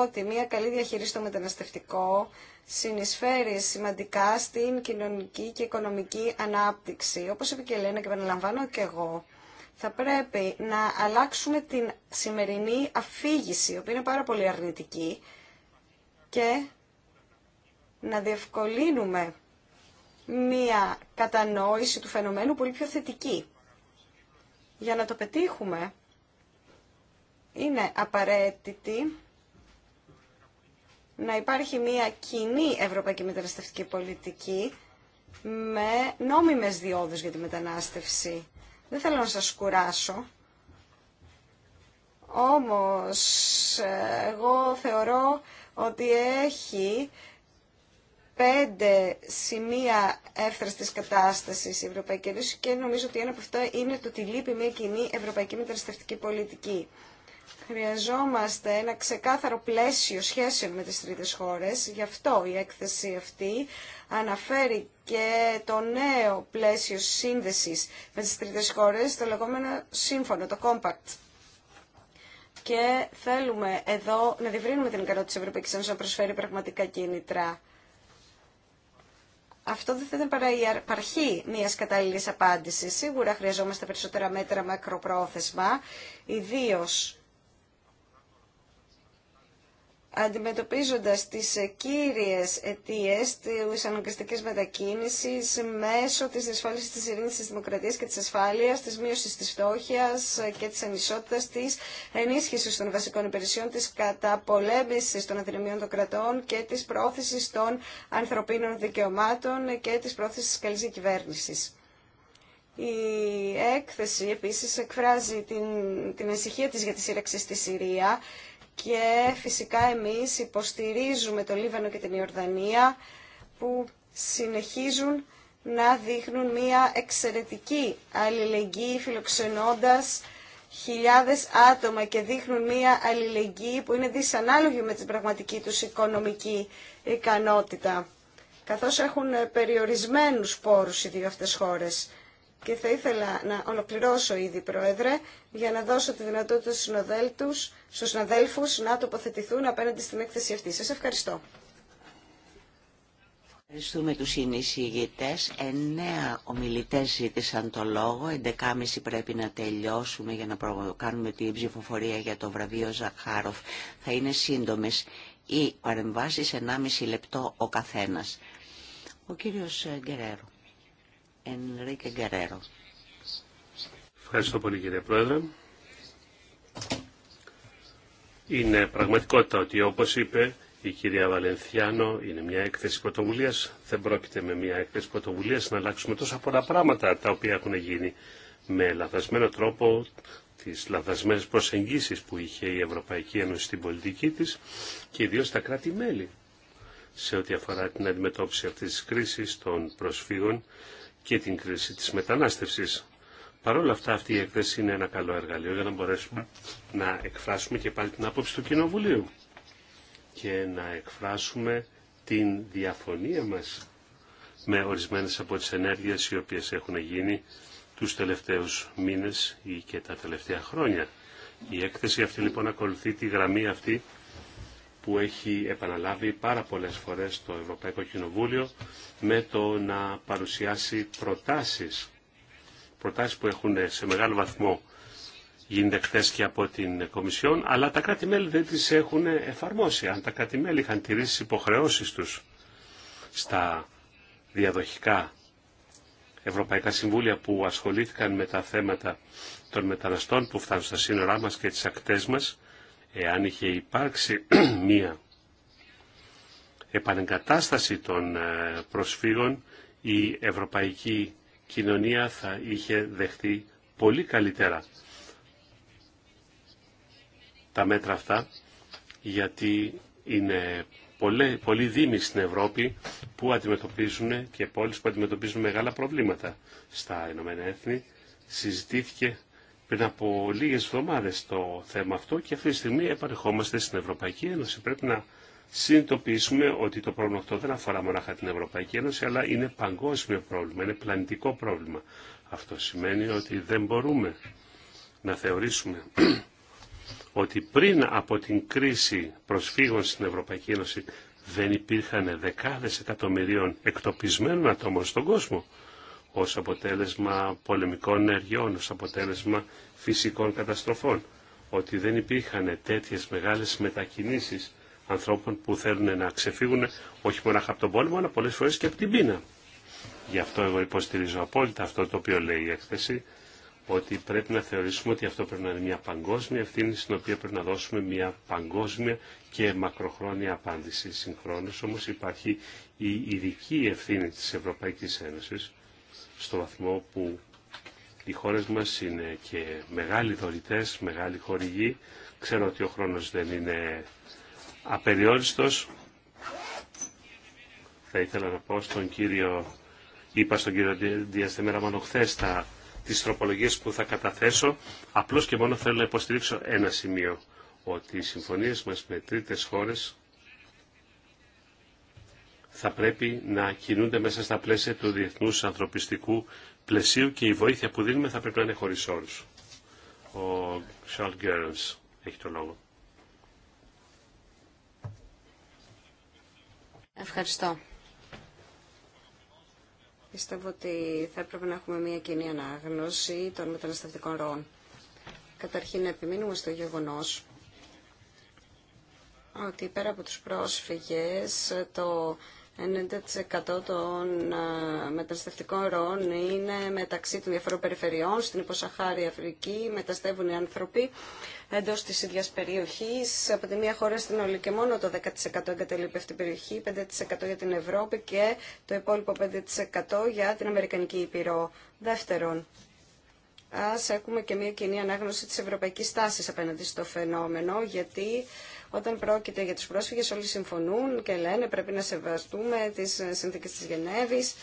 ότι μια καλή διαχείριση στο μεταναστευτικό συνεισφέρει σημαντικά στην κοινωνική και οικονομική ανάπτυξη. Όπως Ελένα και επαναλαμβάνω και εγώ, θα πρέπει να αλλάξουμε την σημερινή αφήγηση, η οποία είναι πάρα πολύ αρνητική, και να διευκολύνουμε μία κατανόηση του φαινομένου πολύ πιο θετική. Για να το πετύχουμε είναι απαραίτητη να υπάρχει μία κοινή ευρωπαϊκή μεταναστευτική πολιτική με νόμιμες διόδους για τη μετανάστευση. Δεν θέλω να σας κουράσω, όμως ε, εγώ θεωρώ ότι έχει πέντε σημεία εύθραστης κατάστασης η Ευρωπαϊκή Ένωση και νομίζω ότι ένα από αυτά είναι το ότι λείπει μια κοινή ευρωπαϊκή μεταναστευτική πολιτική. Χρειαζόμαστε ένα ξεκάθαρο πλαίσιο σχέσεων με τις τρίτες χώρες, γι' αυτό η έκθεση αυτή αναφέρει και το νέο πλαίσιο σύνδεσης με τις τρίτες χώρες, το λεγόμενο σύμφωνο, το Compact και θέλουμε εδώ να διευρύνουμε την ικανότητα της Ευρωπαϊκής Ένωσης να προσφέρει πραγματικά κίνητρα αυτό δεν θα ήταν παρά η αρχή μια κατάλληλη απάντηση. Σίγουρα χρειαζόμαστε περισσότερα μέτρα μακροπρόθεσμα, ιδίω αντιμετωπίζοντας τις κύριες αιτίες της αναγκαστικής μετακίνησης μέσω της διασφάλισης της ειρήνης της δημοκρατίας και της ασφάλειας, της μείωσης της φτώχειας και της ανισότητας, της ενίσχυσης των βασικών υπηρεσιών, της καταπολέμησης των αδυναμιών των κρατών και της πρόθεσης των ανθρωπίνων δικαιωμάτων και της πρόθεσης της καλής κυβέρνησης. Η έκθεση επίσης εκφράζει την, την ανησυχία της για τη σύραξη στη Συρία και φυσικά εμείς υποστηρίζουμε το Λίβανο και την Ιορδανία που συνεχίζουν να δείχνουν μια εξαιρετική αλληλεγγύη φιλοξενώντας χιλιάδες άτομα και δείχνουν μια αλληλεγγύη που είναι δυσανάλογη με την πραγματική τους οικονομική ικανότητα καθώς έχουν περιορισμένους πόρους οι δύο αυτές χώρες. Και θα ήθελα να ολοκληρώσω ήδη, Πρόεδρε, για να δώσω τη δυνατότητα στους, στους συναδέλφους να τοποθετηθούν απέναντι στην έκθεση αυτή. Σας ευχαριστώ. Ευχαριστούμε τους συνεισηγητές. Εννέα ομιλητές ζήτησαν το λόγο. 11.30 πρέπει να τελειώσουμε για να κάνουμε την ψηφοφορία για το βραβείο Ζαχάροφ. Θα είναι σύντομες ή παρεμβάσεις ενάμιση λεπτό ο καθένας. Ο κύριος Γκερέρο. Ευχαριστώ πολύ κύριε Πρόεδρε. Είναι πραγματικότητα ότι όπως είπε η κυρία Βαλενθιάνο είναι μια έκθεση πρωτοβουλία. Δεν πρόκειται με μια έκθεση πρωτοβουλία να αλλάξουμε τόσα πολλά πράγματα τα οποία έχουν γίνει με λαθασμένο τρόπο, τις λαθασμένες προσεγγίσεις που είχε η Ευρωπαϊκή Ένωση στην πολιτική της και ιδίως τα κράτη-μέλη σε ό,τι αφορά την αντιμετώπιση αυτής της κρίσης των προσφύγων και την κρίση της μετανάστευσης. Παρ' όλα αυτά αυτή η έκθεση είναι ένα καλό εργαλείο για να μπορέσουμε να εκφράσουμε και πάλι την άποψη του Κοινοβουλίου και να εκφράσουμε την διαφωνία μας με ορισμένες από τις ενέργειες οι οποίες έχουν γίνει τους τελευταίους μήνες ή και τα τελευταία χρόνια. Η έκθεση αυτή λοιπόν ακολουθεί τη γραμμή αυτή που έχει επαναλάβει πάρα πολλές φορές το Ευρωπαϊκό Κοινοβούλιο με το να παρουσιάσει προτάσεις, προτάσεις που έχουν σε μεγάλο βαθμό γίνει δεκτές και από την Κομισιόν, αλλά τα κράτη-μέλη δεν τις έχουν εφαρμόσει. Αν τα κράτη-μέλη είχαν τηρήσει τις υποχρεώσεις τους στα διαδοχικά Ευρωπαϊκά Συμβούλια που ασχολήθηκαν με τα θέματα των μεταναστών που φτάνουν στα σύνορά μας και τις ακτές μας, Εάν είχε υπάρξει μία επανεγκατάσταση των ε, προσφύγων, η ευρωπαϊκή κοινωνία θα είχε δεχτεί πολύ καλύτερα τα μέτρα αυτά, γιατί είναι πολλοί, δήμοι στην Ευρώπη που αντιμετωπίζουν και πόλεις που αντιμετωπίζουν μεγάλα προβλήματα. Στα Ηνωμένα Έθνη συζητήθηκε πριν από λίγε εβδομάδε το θέμα αυτό και αυτή τη στιγμή επαρχόμαστε στην Ευρωπαϊκή Ένωση. Πρέπει να συνειδητοποιήσουμε ότι το πρόβλημα αυτό δεν αφορά μονάχα την Ευρωπαϊκή Ένωση, αλλά είναι παγκόσμιο πρόβλημα, είναι πλανητικό πρόβλημα. Αυτό σημαίνει ότι δεν μπορούμε να θεωρήσουμε ότι πριν από την κρίση προσφύγων στην Ευρωπαϊκή Ένωση δεν υπήρχαν δεκάδες εκατομμυρίων εκτοπισμένων ατόμων στον κόσμο ως αποτέλεσμα πολεμικών ενεργειών, ως αποτέλεσμα φυσικών καταστροφών. Ότι δεν υπήρχαν τέτοιες μεγάλες μετακινήσεις ανθρώπων που θέλουν να ξεφύγουν όχι μόνο από τον πόλεμο, αλλά πολλές φορές και από την πείνα. Γι' αυτό εγώ υποστηρίζω απόλυτα αυτό το οποίο λέει η έκθεση, ότι πρέπει να θεωρήσουμε ότι αυτό πρέπει να είναι μια παγκόσμια ευθύνη στην οποία πρέπει να δώσουμε μια παγκόσμια και μακροχρόνια απάντηση. Συγχρόνως όμως υπάρχει η ειδική ευθύνη της Ευρωπαϊκής Ένωσης στο βαθμό που οι χώρες μας είναι και μεγάλοι δωρητές, μεγάλοι χορηγοί. Ξέρω ότι ο χρόνος δεν είναι απεριόριστος. Θα ήθελα να πω στον κύριο, είπα στον κύριο Διαστεμέρα μόνο τα, τις που θα καταθέσω. Απλώς και μόνο θέλω να υποστηρίξω ένα σημείο, ότι οι συμφωνίες μας με τρίτες χώρες θα πρέπει να κινούνται μέσα στα πλαίσια του διεθνούς ανθρωπιστικού πλαισίου και η βοήθεια που δίνουμε θα πρέπει να είναι χωρίς όρους. Ο Charles Γκέρνς έχει το λόγο. Ευχαριστώ. Πιστεύω ότι θα έπρεπε να έχουμε μια κοινή ανάγνωση των μεταναστευτικών ροών. Καταρχήν επιμείνουμε στο γεγονός ότι πέρα από τους πρόσφυγες το 90% των ε, μεταναστευτικών ροών είναι μεταξύ των διαφορών περιφερειών. Στην υποσαχάρη Αφρική μεταστεύουν οι άνθρωποι εντός της ίδιας περιοχής. Από τη μία χώρα στην όλη και μόνο το 10% εγκαταλείπει αυτή την περιοχή, 5% για την Ευρώπη και το υπόλοιπο 5% για την Αμερικανική Ήπειρο. Δεύτερον, ας έχουμε και μια κοινή ανάγνωση της ευρωπαϊκής τάσης απέναντι στο φαινόμενο, γιατί όταν πρόκειται για τους πρόσφυγες όλοι συμφωνούν και λένε πρέπει να σεβαστούμε τις συνθήκες της Γενέβης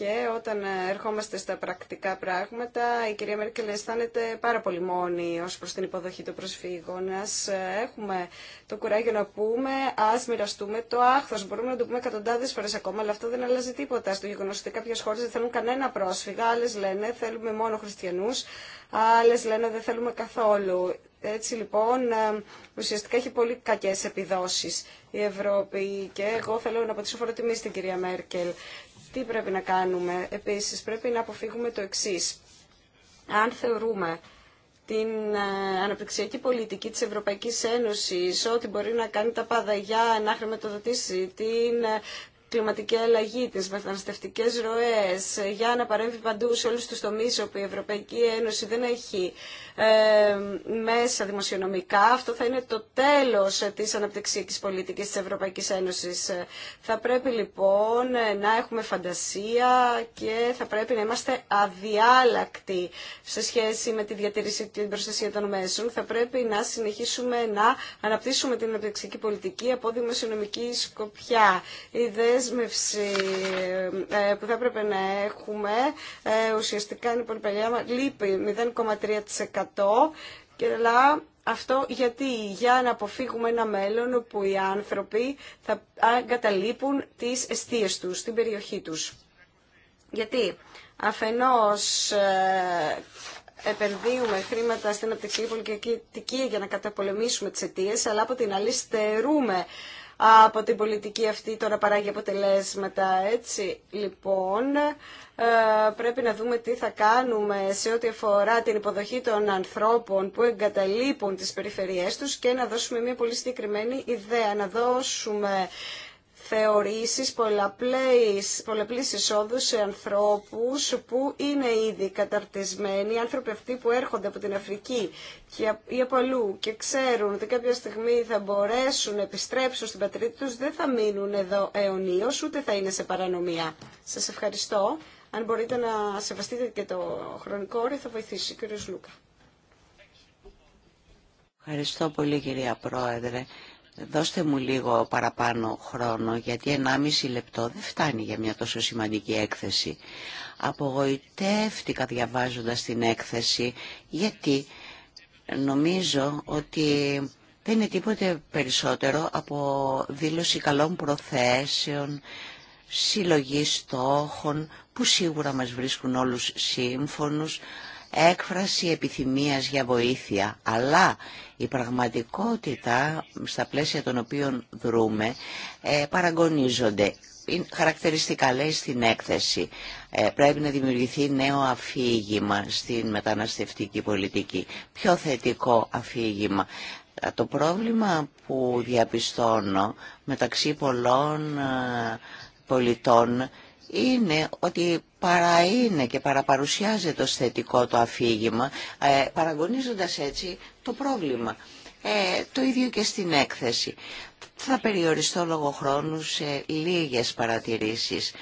και όταν ε, ερχόμαστε στα πρακτικά πράγματα, η κυρία Μέρκελ αισθάνεται πάρα πολύ μόνη ως προς την υποδοχή των προσφύγων. Ας ε, έχουμε το κουράγιο να πούμε, ας μοιραστούμε το άχθος. Μπορούμε να το πούμε εκατοντάδες φορές ακόμα, αλλά αυτό δεν αλλάζει τίποτα. Στο γεγονό ότι κάποιες χώρες δεν θέλουν κανένα πρόσφυγα, άλλες λένε θέλουμε μόνο χριστιανούς, άλλες λένε δεν θέλουμε καθόλου. Έτσι λοιπόν ε, ουσιαστικά έχει πολύ κακές επιδόσεις η Ευρώπη και εγώ θέλω να αποτύσω φοροτιμή στην κυρία Μέρκελ. Τι πρέπει να κάνουμε. Επίσης πρέπει να αποφύγουμε το εξής. Αν θεωρούμε την ε, αναπτυξιακή πολιτική της Ευρωπαϊκής Ένωσης, ό,τι μπορεί να κάνει τα πάντα για να χρηματοδοτήσει την ε, κλιματική αλλαγή, τις μεταναστευτικέ ροές, ε, για να παρέμβει παντού σε όλους τους τομείς όπου η Ευρωπαϊκή Ένωση δεν έχει μέσα δημοσιονομικά. Αυτό θα είναι το τέλος της αναπτυξιακής πολιτικής της Ευρωπαϊκής Ένωσης. Θα πρέπει λοιπόν να έχουμε φαντασία και θα πρέπει να είμαστε αδιάλακτοι σε σχέση με τη διατήρηση και την προστασία των μέσων. Θα πρέπει να συνεχίσουμε να αναπτύσσουμε την αναπτυξιακή πολιτική από δημοσιονομική σκοπιά. Η δέσμευση ε, που θα έπρεπε να έχουμε ε, ουσιαστικά είναι λοιπόν, πολύ παλιά, λείπει 0,3% αλλά αυτό γιατί, για να αποφύγουμε ένα μέλλον που οι άνθρωποι θα εγκαταλείπουν τις αιστείες τους, την περιοχή τους. Γιατί αφενός ε, επενδύουμε χρήματα στην αναπτυξιακή πολιτική για να καταπολεμήσουμε τις αιτίε, αλλά από την άλλη στερούμε από την πολιτική αυτή τώρα παράγει αποτελέσματα. Έτσι λοιπόν ε, πρέπει να δούμε τι θα κάνουμε σε ό,τι αφορά την υποδοχή των ανθρώπων που εγκαταλείπουν τις περιφερειές τους και να δώσουμε μια πολύ συγκεκριμένη ιδέα, να δώσουμε θεωρήσεις πολλαπλή πολλαπλής εισόδου σε ανθρώπους που είναι ήδη καταρτισμένοι, άνθρωποι αυτοί που έρχονται από την Αφρική και, ή από αλλού και ξέρουν ότι κάποια στιγμή θα μπορέσουν να επιστρέψουν στην πατρίδα τους, δεν θα μείνουν εδώ αιωνίως, ούτε θα είναι σε παρανομία. Σας ευχαριστώ. Αν μπορείτε να σεβαστείτε και το χρονικό όριο θα βοηθήσει. κ. Λούκα. Ευχαριστώ πολύ κυρία Πρόεδρε. Δώστε μου λίγο παραπάνω χρόνο, γιατί 1,5 λεπτό δεν φτάνει για μια τόσο σημαντική έκθεση. Απογοητεύτηκα διαβάζοντας την έκθεση, γιατί νομίζω ότι δεν είναι τίποτε περισσότερο από δήλωση καλών προθέσεων, συλλογή στόχων, που σίγουρα μας βρίσκουν όλους σύμφωνους, έκφραση επιθυμίας για βοήθεια, αλλά η πραγματικότητα στα πλαίσια των οποίων δρούμε ε, παραγωνίζονται. Είναι χαρακτηριστικά λέει στην έκθεση ε, πρέπει να δημιουργηθεί νέο αφήγημα στην μεταναστευτική πολιτική. Πιο θετικό αφήγημα. Ε, το πρόβλημα που διαπιστώνω μεταξύ πολλών πολιτών είναι ότι παραείνε και παραπαρουσιάζεται ως θετικό το αφήγημα, ε, παραγωνίζοντας έτσι το πρόβλημα. Ε, το ίδιο και στην έκθεση. Θα περιοριστώ λόγω χρόνου σε λίγες παρατηρήσεις.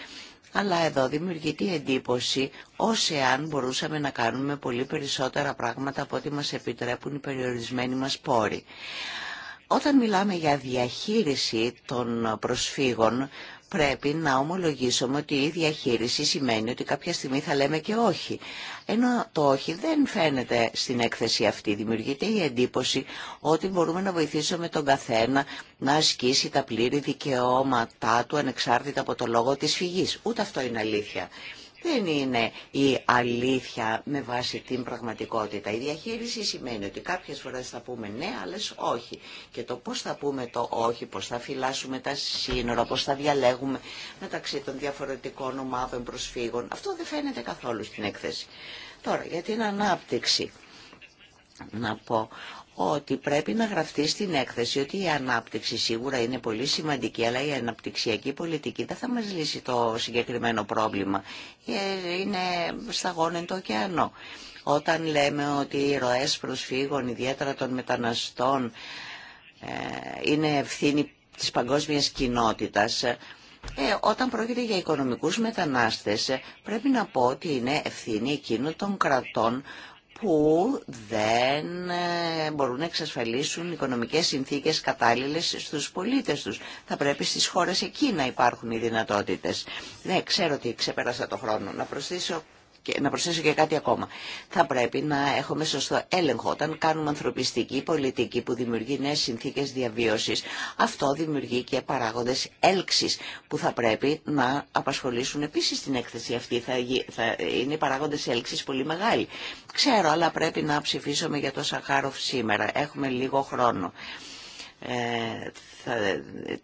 Αλλά εδώ δημιουργείται εντύπωση ως εάν μπορούσαμε να κάνουμε πολύ περισσότερα πράγματα από ό,τι μας επιτρέπουν οι περιορισμένοι μας πόροι. Όταν μιλάμε για διαχείριση των προσφύγων, πρέπει να ομολογήσουμε ότι η διαχείριση σημαίνει ότι κάποια στιγμή θα λέμε και όχι. Ενώ το όχι δεν φαίνεται στην έκθεση αυτή. Δημιουργείται η εντύπωση ότι μπορούμε να βοηθήσουμε τον καθένα να ασκήσει τα πλήρη δικαιώματά του ανεξάρτητα από το λόγο της φυγής. Ούτε αυτό είναι αλήθεια δεν είναι η αλήθεια με βάση την πραγματικότητα. Η διαχείριση σημαίνει ότι κάποιες φορές θα πούμε ναι, άλλες όχι. Και το πώς θα πούμε το όχι, πώς θα φυλάσσουμε τα σύνορα, πώς θα διαλέγουμε μεταξύ των διαφορετικών ομάδων προσφύγων, αυτό δεν φαίνεται καθόλου στην έκθεση. Τώρα, για την ανάπτυξη. Να πω ότι πρέπει να γραφτεί στην έκθεση ότι η ανάπτυξη σίγουρα είναι πολύ σημαντική, αλλά η αναπτυξιακή πολιτική δεν θα μας λύσει το συγκεκριμένο πρόβλημα. Ε, είναι σταγόνεν το ωκεανό. Όταν λέμε ότι οι ροές προσφύγων, ιδιαίτερα των μεταναστών, ε, είναι ευθύνη της παγκόσμιας κοινότητας, ε, όταν πρόκειται για οικονομικούς μετανάστες ε, πρέπει να πω ότι είναι ευθύνη εκείνων των κρατών που δεν ε, μπορούν να εξασφαλίσουν οικονομικές συνθήκες κατάλληλες στους πολίτες τους. Θα πρέπει στις χώρες εκεί να υπάρχουν οι δυνατότητες. Ναι, ξέρω ότι ξεπέρασα το χρόνο. Να προσθέσω και να προσθέσω και κάτι ακόμα. Θα πρέπει να έχουμε σωστό έλεγχο. Όταν κάνουμε ανθρωπιστική πολιτική που δημιουργεί νέες συνθήκες διαβίωσης, αυτό δημιουργεί και παράγοντες έλξης που θα πρέπει να απασχολήσουν επίσης την έκθεση αυτή. Θα, είναι οι παράγοντες έλξης πολύ μεγάλη. Ξέρω, αλλά πρέπει να ψηφίσουμε για το Σαχάροφ σήμερα. Έχουμε λίγο χρόνο. Ε,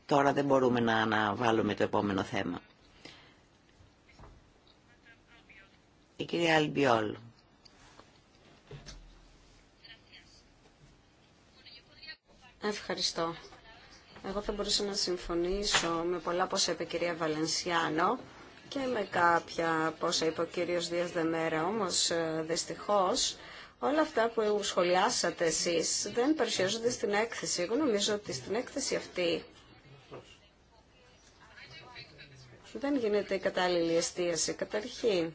τώρα δεν μπορούμε να αναβάλουμε το επόμενο θέμα. Η κυρία Αλμπιόλ. Ευχαριστώ. Εγώ θα μπορούσα να συμφωνήσω με πολλά πόσα είπε η κυρία Βαλενσιάνο και με κάποια πόσα είπε ο κύριος Δίας Δεμέρα, όμως ε, δυστυχώς όλα αυτά που σχολιάσατε εσείς δεν παρουσιάζονται στην έκθεση. Εγώ νομίζω ότι στην έκθεση αυτή δεν γίνεται η κατάλληλη εστίαση. Καταρχήν,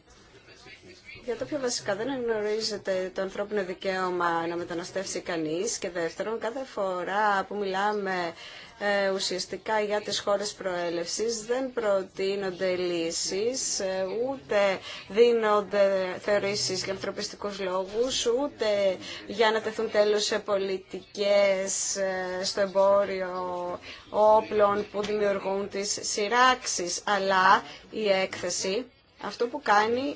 για το πιο βασικά δεν γνωρίζετε το ανθρώπινο δικαίωμα να μεταναστεύσει κανείς και δεύτερον κάθε φορά που μιλάμε ε, ουσιαστικά για τις χώρες προέλευσης δεν προτείνονται λύσεις, ε, ούτε δίνονται θεωρήσεις για ανθρωπιστικούς λόγους, ούτε για να τεθούν τέλος σε πολιτικές, ε, στο εμπόριο όπλων που δημιουργούν τις σειράξεις. Αλλά η έκθεση αυτό που κάνει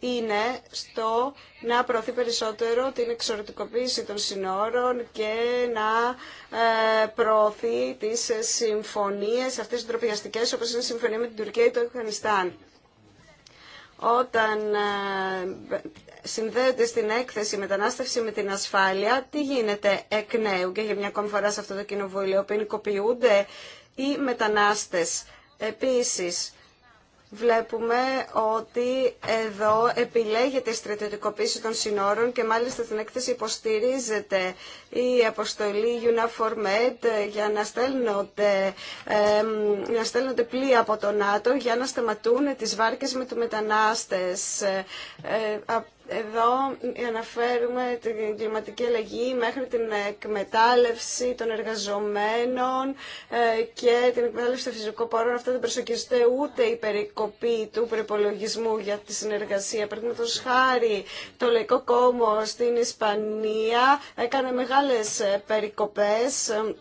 είναι στο να προωθεί περισσότερο την εξορτικοποίηση των συνόρων και να ε, προωθεί τις συμφωνίες αυτές τις ντροπιαστικές όπως είναι η συμφωνία με την Τουρκία ή το Αφγανιστάν. Όταν ε, συνδέεται στην έκθεση η το αφγανισταν οταν συνδεεται στην εκθεση μεταναστευση με την ασφάλεια, τι γίνεται εκ νέου και για μια ακόμη φορά σε αυτό το κοινοβούλιο, ποινικοποιούνται οι μετανάστες. Επίσης, βλέπουμε ότι εδώ επιλέγεται η στρατιωτικοποίηση των συνόρων και μάλιστα στην έκθεση υποστηρίζεται η αποστολή UNAFOR για να στέλνονται, να στέλνονται πλοία από το ΝΑΤΟ για να σταματούν τις βάρκες με τους μετανάστες. Ε, εδώ αναφέρουμε την κλιματική αλλαγή μέχρι την εκμετάλλευση των εργαζομένων ε, και την εκμετάλλευση των φυσικών πόρων. αυτό δεν προσοκιστεί ούτε η περικοπή του προπολογισμού για τη συνεργασία. Παραδείγματο χάρη, το Λαϊκό Κόμμα στην Ισπανία έκανε μεγάλες ε, περικοπές ε,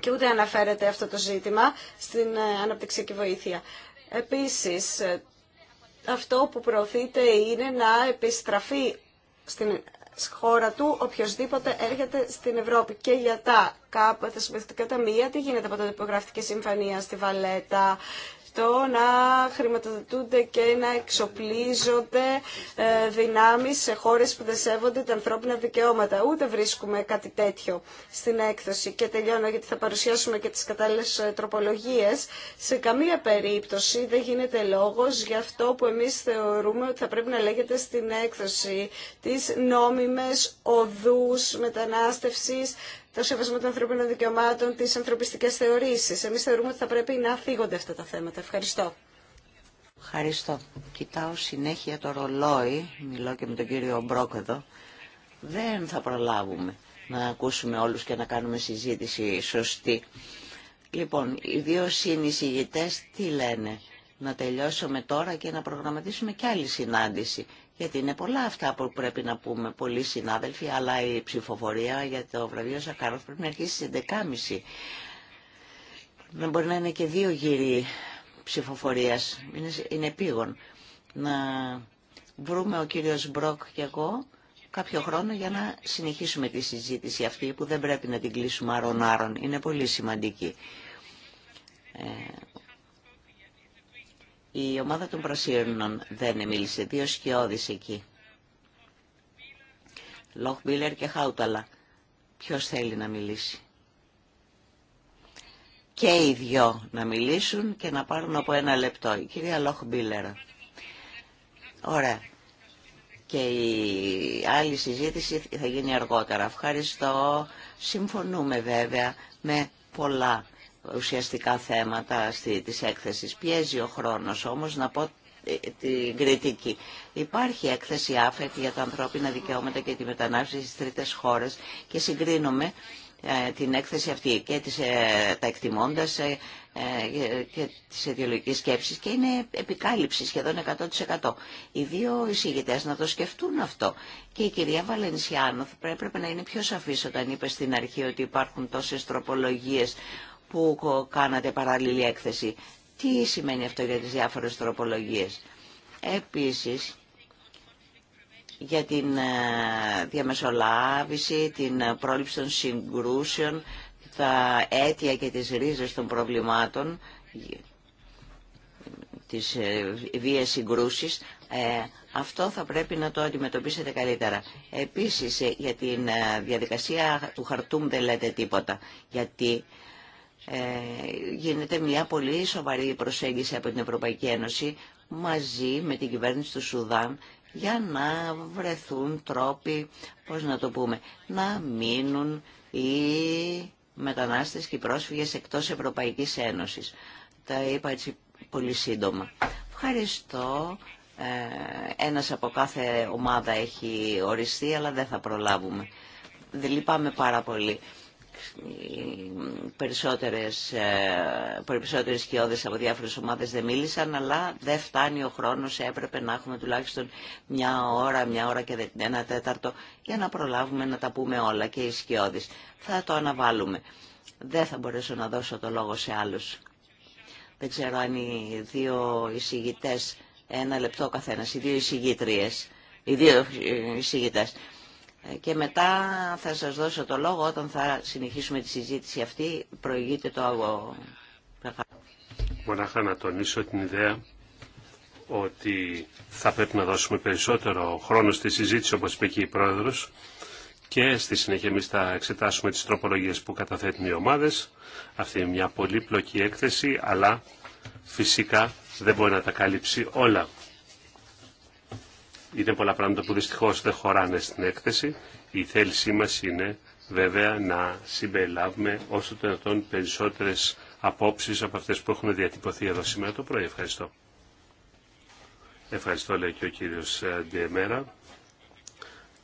και ούτε αναφέρεται αυτό το ζήτημα στην αναπτυξιακή βοήθεια. Επίσης, αυτό που προωθείται είναι να επιστραφεί στην χώρα του οποιοδήποτε έρχεται στην Ευρώπη. Και για τα ΚΑΠ, τα μία ταμεία, τι γίνεται από τότε που συμφωνία στη Βαλέτα να χρηματοδοτούνται και να εξοπλίζονται ε, δυνάμεις σε χώρες που δεν σέβονται τα ανθρώπινα δικαιώματα. Ούτε βρίσκουμε κάτι τέτοιο στην έκθεση. Και τελειώνω γιατί θα παρουσιάσουμε και τις κατάλληλες ε, τροπολογίες. Σε καμία περίπτωση δεν γίνεται λόγος για αυτό που εμείς θεωρούμε ότι θα πρέπει να λέγεται στην έκθεση Τις νόμιμες οδούς μετανάστευσης το σεβασμό των ανθρωπίνων δικαιωμάτων, τις ανθρωπιστικές θεωρήσεις. Εμείς θεωρούμε ότι θα πρέπει να φύγονται αυτά τα θέματα. Ευχαριστώ. Ευχαριστώ. Κοιτάω συνέχεια το ρολόι, μιλώ και με τον κύριο Μπρόκ εδώ. Δεν θα προλάβουμε να ακούσουμε όλους και να κάνουμε συζήτηση σωστή. Λοιπόν, οι δύο συνεισηγητές τι λένε, να τελειώσουμε τώρα και να προγραμματίσουμε κι άλλη συνάντηση γιατί είναι πολλά αυτά που πρέπει να πούμε πολλοί συνάδελφοι, αλλά η ψηφοφορία για το βραβείο Σακάροφ πρέπει να αρχίσει στις 11.30. μπορεί να είναι και δύο γύροι ψηφοφορίας, είναι, είναι επίγον. Να βρούμε ο κύριος Μπροκ και εγώ κάποιο χρόνο για να συνεχίσουμε τη συζήτηση αυτή που δεν πρέπει να την κλείσουμε άρον-άρον. Είναι πολύ σημαντική. Ε, η ομάδα των Πρασίνων δεν μίλησε. Δύο σκιώδεις εκεί. Λοχ Μπίλερ και Χάουταλα. Ποιος θέλει να μιλήσει. Και οι δυο να μιλήσουν και να πάρουν από ένα λεπτό. Η κυρία Λοχ Μπίλερ. Ωραία. Και η άλλη συζήτηση θα γίνει αργότερα. Ευχαριστώ. Συμφωνούμε βέβαια με πολλά ουσιαστικά θέματα της έκθεσης. Πιέζει ο χρόνος όμως να πω ε, την κριτική. Υπάρχει έκθεση άφετ για τα ανθρώπινα δικαιώματα και τη μετανάστευση στις τρίτες χώρες και συγκρίνουμε ε, την έκθεση αυτή και τις, ε, τα εκτιμώντας και τις αιτιολογικές σκέψεις και είναι επικάλυψη σχεδόν 100%. Οι δύο εισηγητές να το σκεφτούν αυτό. Και η κυρία Βαλενσιάνο πρέπει να είναι πιο σαφής όταν είπε στην αρχή ότι υπάρχουν τόσε τροπολογίε που κάνατε παράλληλη έκθεση. Τι σημαίνει αυτό για τις διάφορες τροπολογίες. Επίσης, για την ε, διαμεσολάβηση, την ε, πρόληψη των συγκρούσεων, τα αίτια και τις ρίζες των προβλημάτων, τις ε, βίες συγκρούσεις, αυτό θα πρέπει να το αντιμετωπίσετε καλύτερα. Επίσης, για την διαδικασία του χαρτούμ δεν λέτε τίποτα, γιατί γίνεται μια πολύ σοβαρή προσέγγιση από την Ευρωπαϊκή Ένωση μαζί με την κυβέρνηση του Σουδάν για να βρεθούν τρόποι, πώς να το πούμε, να μείνουν οι μετανάστες και οι πρόσφυγες εκτός Ευρωπαϊκής Ένωσης. Τα είπα έτσι πολύ σύντομα. Ευχαριστώ. Ε, ένας από κάθε ομάδα έχει οριστεί, αλλά δεν θα προλάβουμε. Δεν λυπάμαι πάρα πολύ. Περισσότερες, ε, περισσότερες σκιώδες από διάφορες ομάδες δεν μίλησαν, αλλά δεν φτάνει ο χρόνος, έπρεπε να έχουμε τουλάχιστον μια ώρα, μια ώρα και ένα τέταρτο, για να προλάβουμε να τα πούμε όλα και οι σκιώδεις. Θα το αναβάλουμε. Δεν θα μπορέσω να δώσω το λόγο σε άλλους. Δεν ξέρω αν οι δύο εισηγητές, ένα λεπτό καθένας, οι δύο εισηγήτριες, οι δύο εισηγητές ε, και μετά θα σας δώσω το λόγο όταν θα συνεχίσουμε τη συζήτηση αυτή. Προηγείται το αγώ. Μονάχα να τονίσω την ιδέα ότι θα πρέπει να δώσουμε περισσότερο χρόνο στη συζήτηση όπως είπε και η Πρόεδρος και στη συνέχεια εμείς θα εξετάσουμε τις τροπολογίες που καταθέτουν οι ομάδες. Αυτή είναι μια πολύπλοκη έκθεση αλλά φυσικά δεν μπορεί να τα καλύψει όλα. Είναι πολλά πράγματα που δυστυχώ δεν χωράνε στην έκθεση. Η θέλησή μα είναι βέβαια να συμπεριλάβουμε όσο το δυνατόν περισσότερες απόψει από αυτές που έχουν διατυπωθεί εδώ σήμερα το πρωί. Ευχαριστώ. Ευχαριστώ λέει και ο κύριο ε, Ντιεμέρα.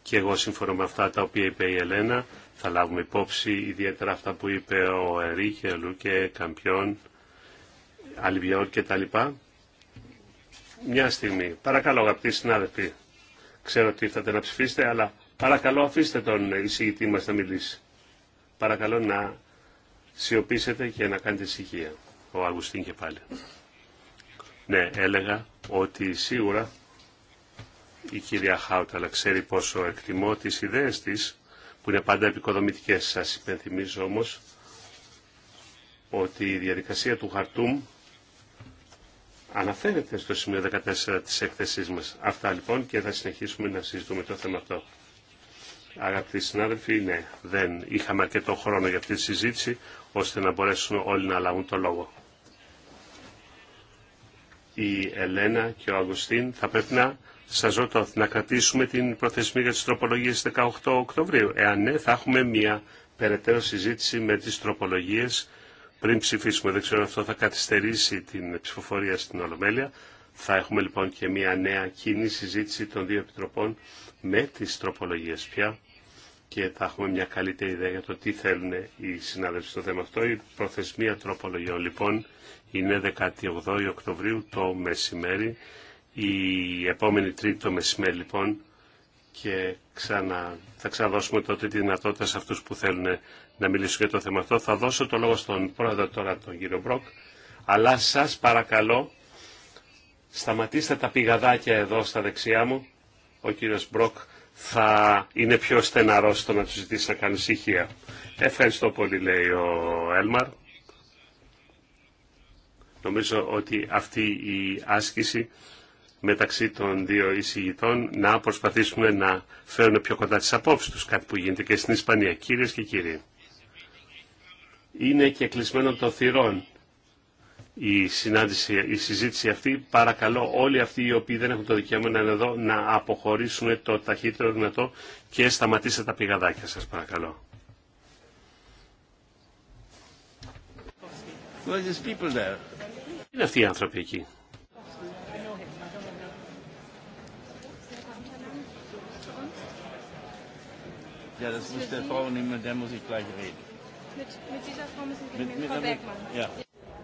Και εγώ συμφωνώ με αυτά τα οποία είπε η Ελένα. Θα λάβουμε υπόψη ιδιαίτερα αυτά που είπε ο Ερή, Λούκε, Καμπιόν, Αλιβιόρ και μια στιγμή. Παρακαλώ αγαπητοί συνάδελφοι. Ξέρω ότι ήρθατε να ψηφίσετε, αλλά παρακαλώ αφήστε τον εισηγητή μας να μιλήσει. Παρακαλώ να σιωπήσετε και να κάνετε ησυχία. Ο Αγουστίν και πάλι. Ναι, έλεγα ότι σίγουρα η κυρία Χάουταλα ξέρει πόσο εκτιμώ τις ιδέες της, που είναι πάντα επικοδομητικές. Σας υπενθυμίζω όμως ότι η διαδικασία του Χαρτούμ αναφέρεται στο σημείο 14 της έκθεσής μας. Αυτά λοιπόν και θα συνεχίσουμε να συζητούμε το θέμα αυτό. Αγαπητοί συνάδελφοι, ναι, δεν είχαμε αρκετό χρόνο για αυτή τη συζήτηση, ώστε να μπορέσουν όλοι να λάβουν το λόγο. Η Ελένα και ο Αγουστίν θα πρέπει να σας ρωτώ να κρατήσουμε την προθεσμία για τις τροπολογίες 18 Οκτωβρίου. Εάν ναι, θα έχουμε μια περαιτέρω συζήτηση με τις τροπολογίες πριν ψηφίσουμε, δεν ξέρω αν αυτό θα καθυστερήσει την ψηφοφορία στην Ολομέλεια. Θα έχουμε λοιπόν και μια νέα κοινή συζήτηση των δύο επιτροπών με τις τροπολογίες πια και θα έχουμε μια καλύτερη ιδέα για το τι θέλουν οι συνάδελφοι στο θέμα αυτό. Η προθεσμία τροπολογιών λοιπόν είναι 18 Οκτωβρίου το μεσημέρι. Η επόμενη τρίτη το μεσημέρι λοιπόν και ξανα, θα ξαναδώσουμε τότε τη δυνατότητα σε αυτούς που θέλουν να μιλήσω για το θέμα αυτό. Θα δώσω το λόγο στον πρόεδρο τώρα, τον κύριο Μπροκ, αλλά σας παρακαλώ σταματήστε τα πηγαδάκια εδώ στα δεξιά μου. Ο κύριος Μπροκ θα είναι πιο στεναρός στο να του ζητήσει να κάνει ησυχία. Ευχαριστώ πολύ, λέει ο Έλμαρ. Νομίζω ότι αυτή η άσκηση μεταξύ των δύο εισηγητών να προσπαθήσουμε να φέρουν πιο κοντά τις απόψεις τους, κάτι που γίνεται και στην Ισπανία. Κυρίες και κύριοι, είναι και κλεισμένο των θυρών η, συνάντηση, η συζήτηση αυτή. Παρακαλώ όλοι αυτοί οι οποίοι δεν έχουν το δικαίωμα να είναι εδώ να αποχωρήσουν το ταχύτερο δυνατό και σταματήστε τα πηγαδάκια σας παρακαλώ. Είναι αυτοί οι άνθρωποι εκεί. Ja, das muss der Frau nehmen, der muss ich gleich reden. Mit, mit dieser Frau müssen Sie mit, mit Frau Bergmann. Ja.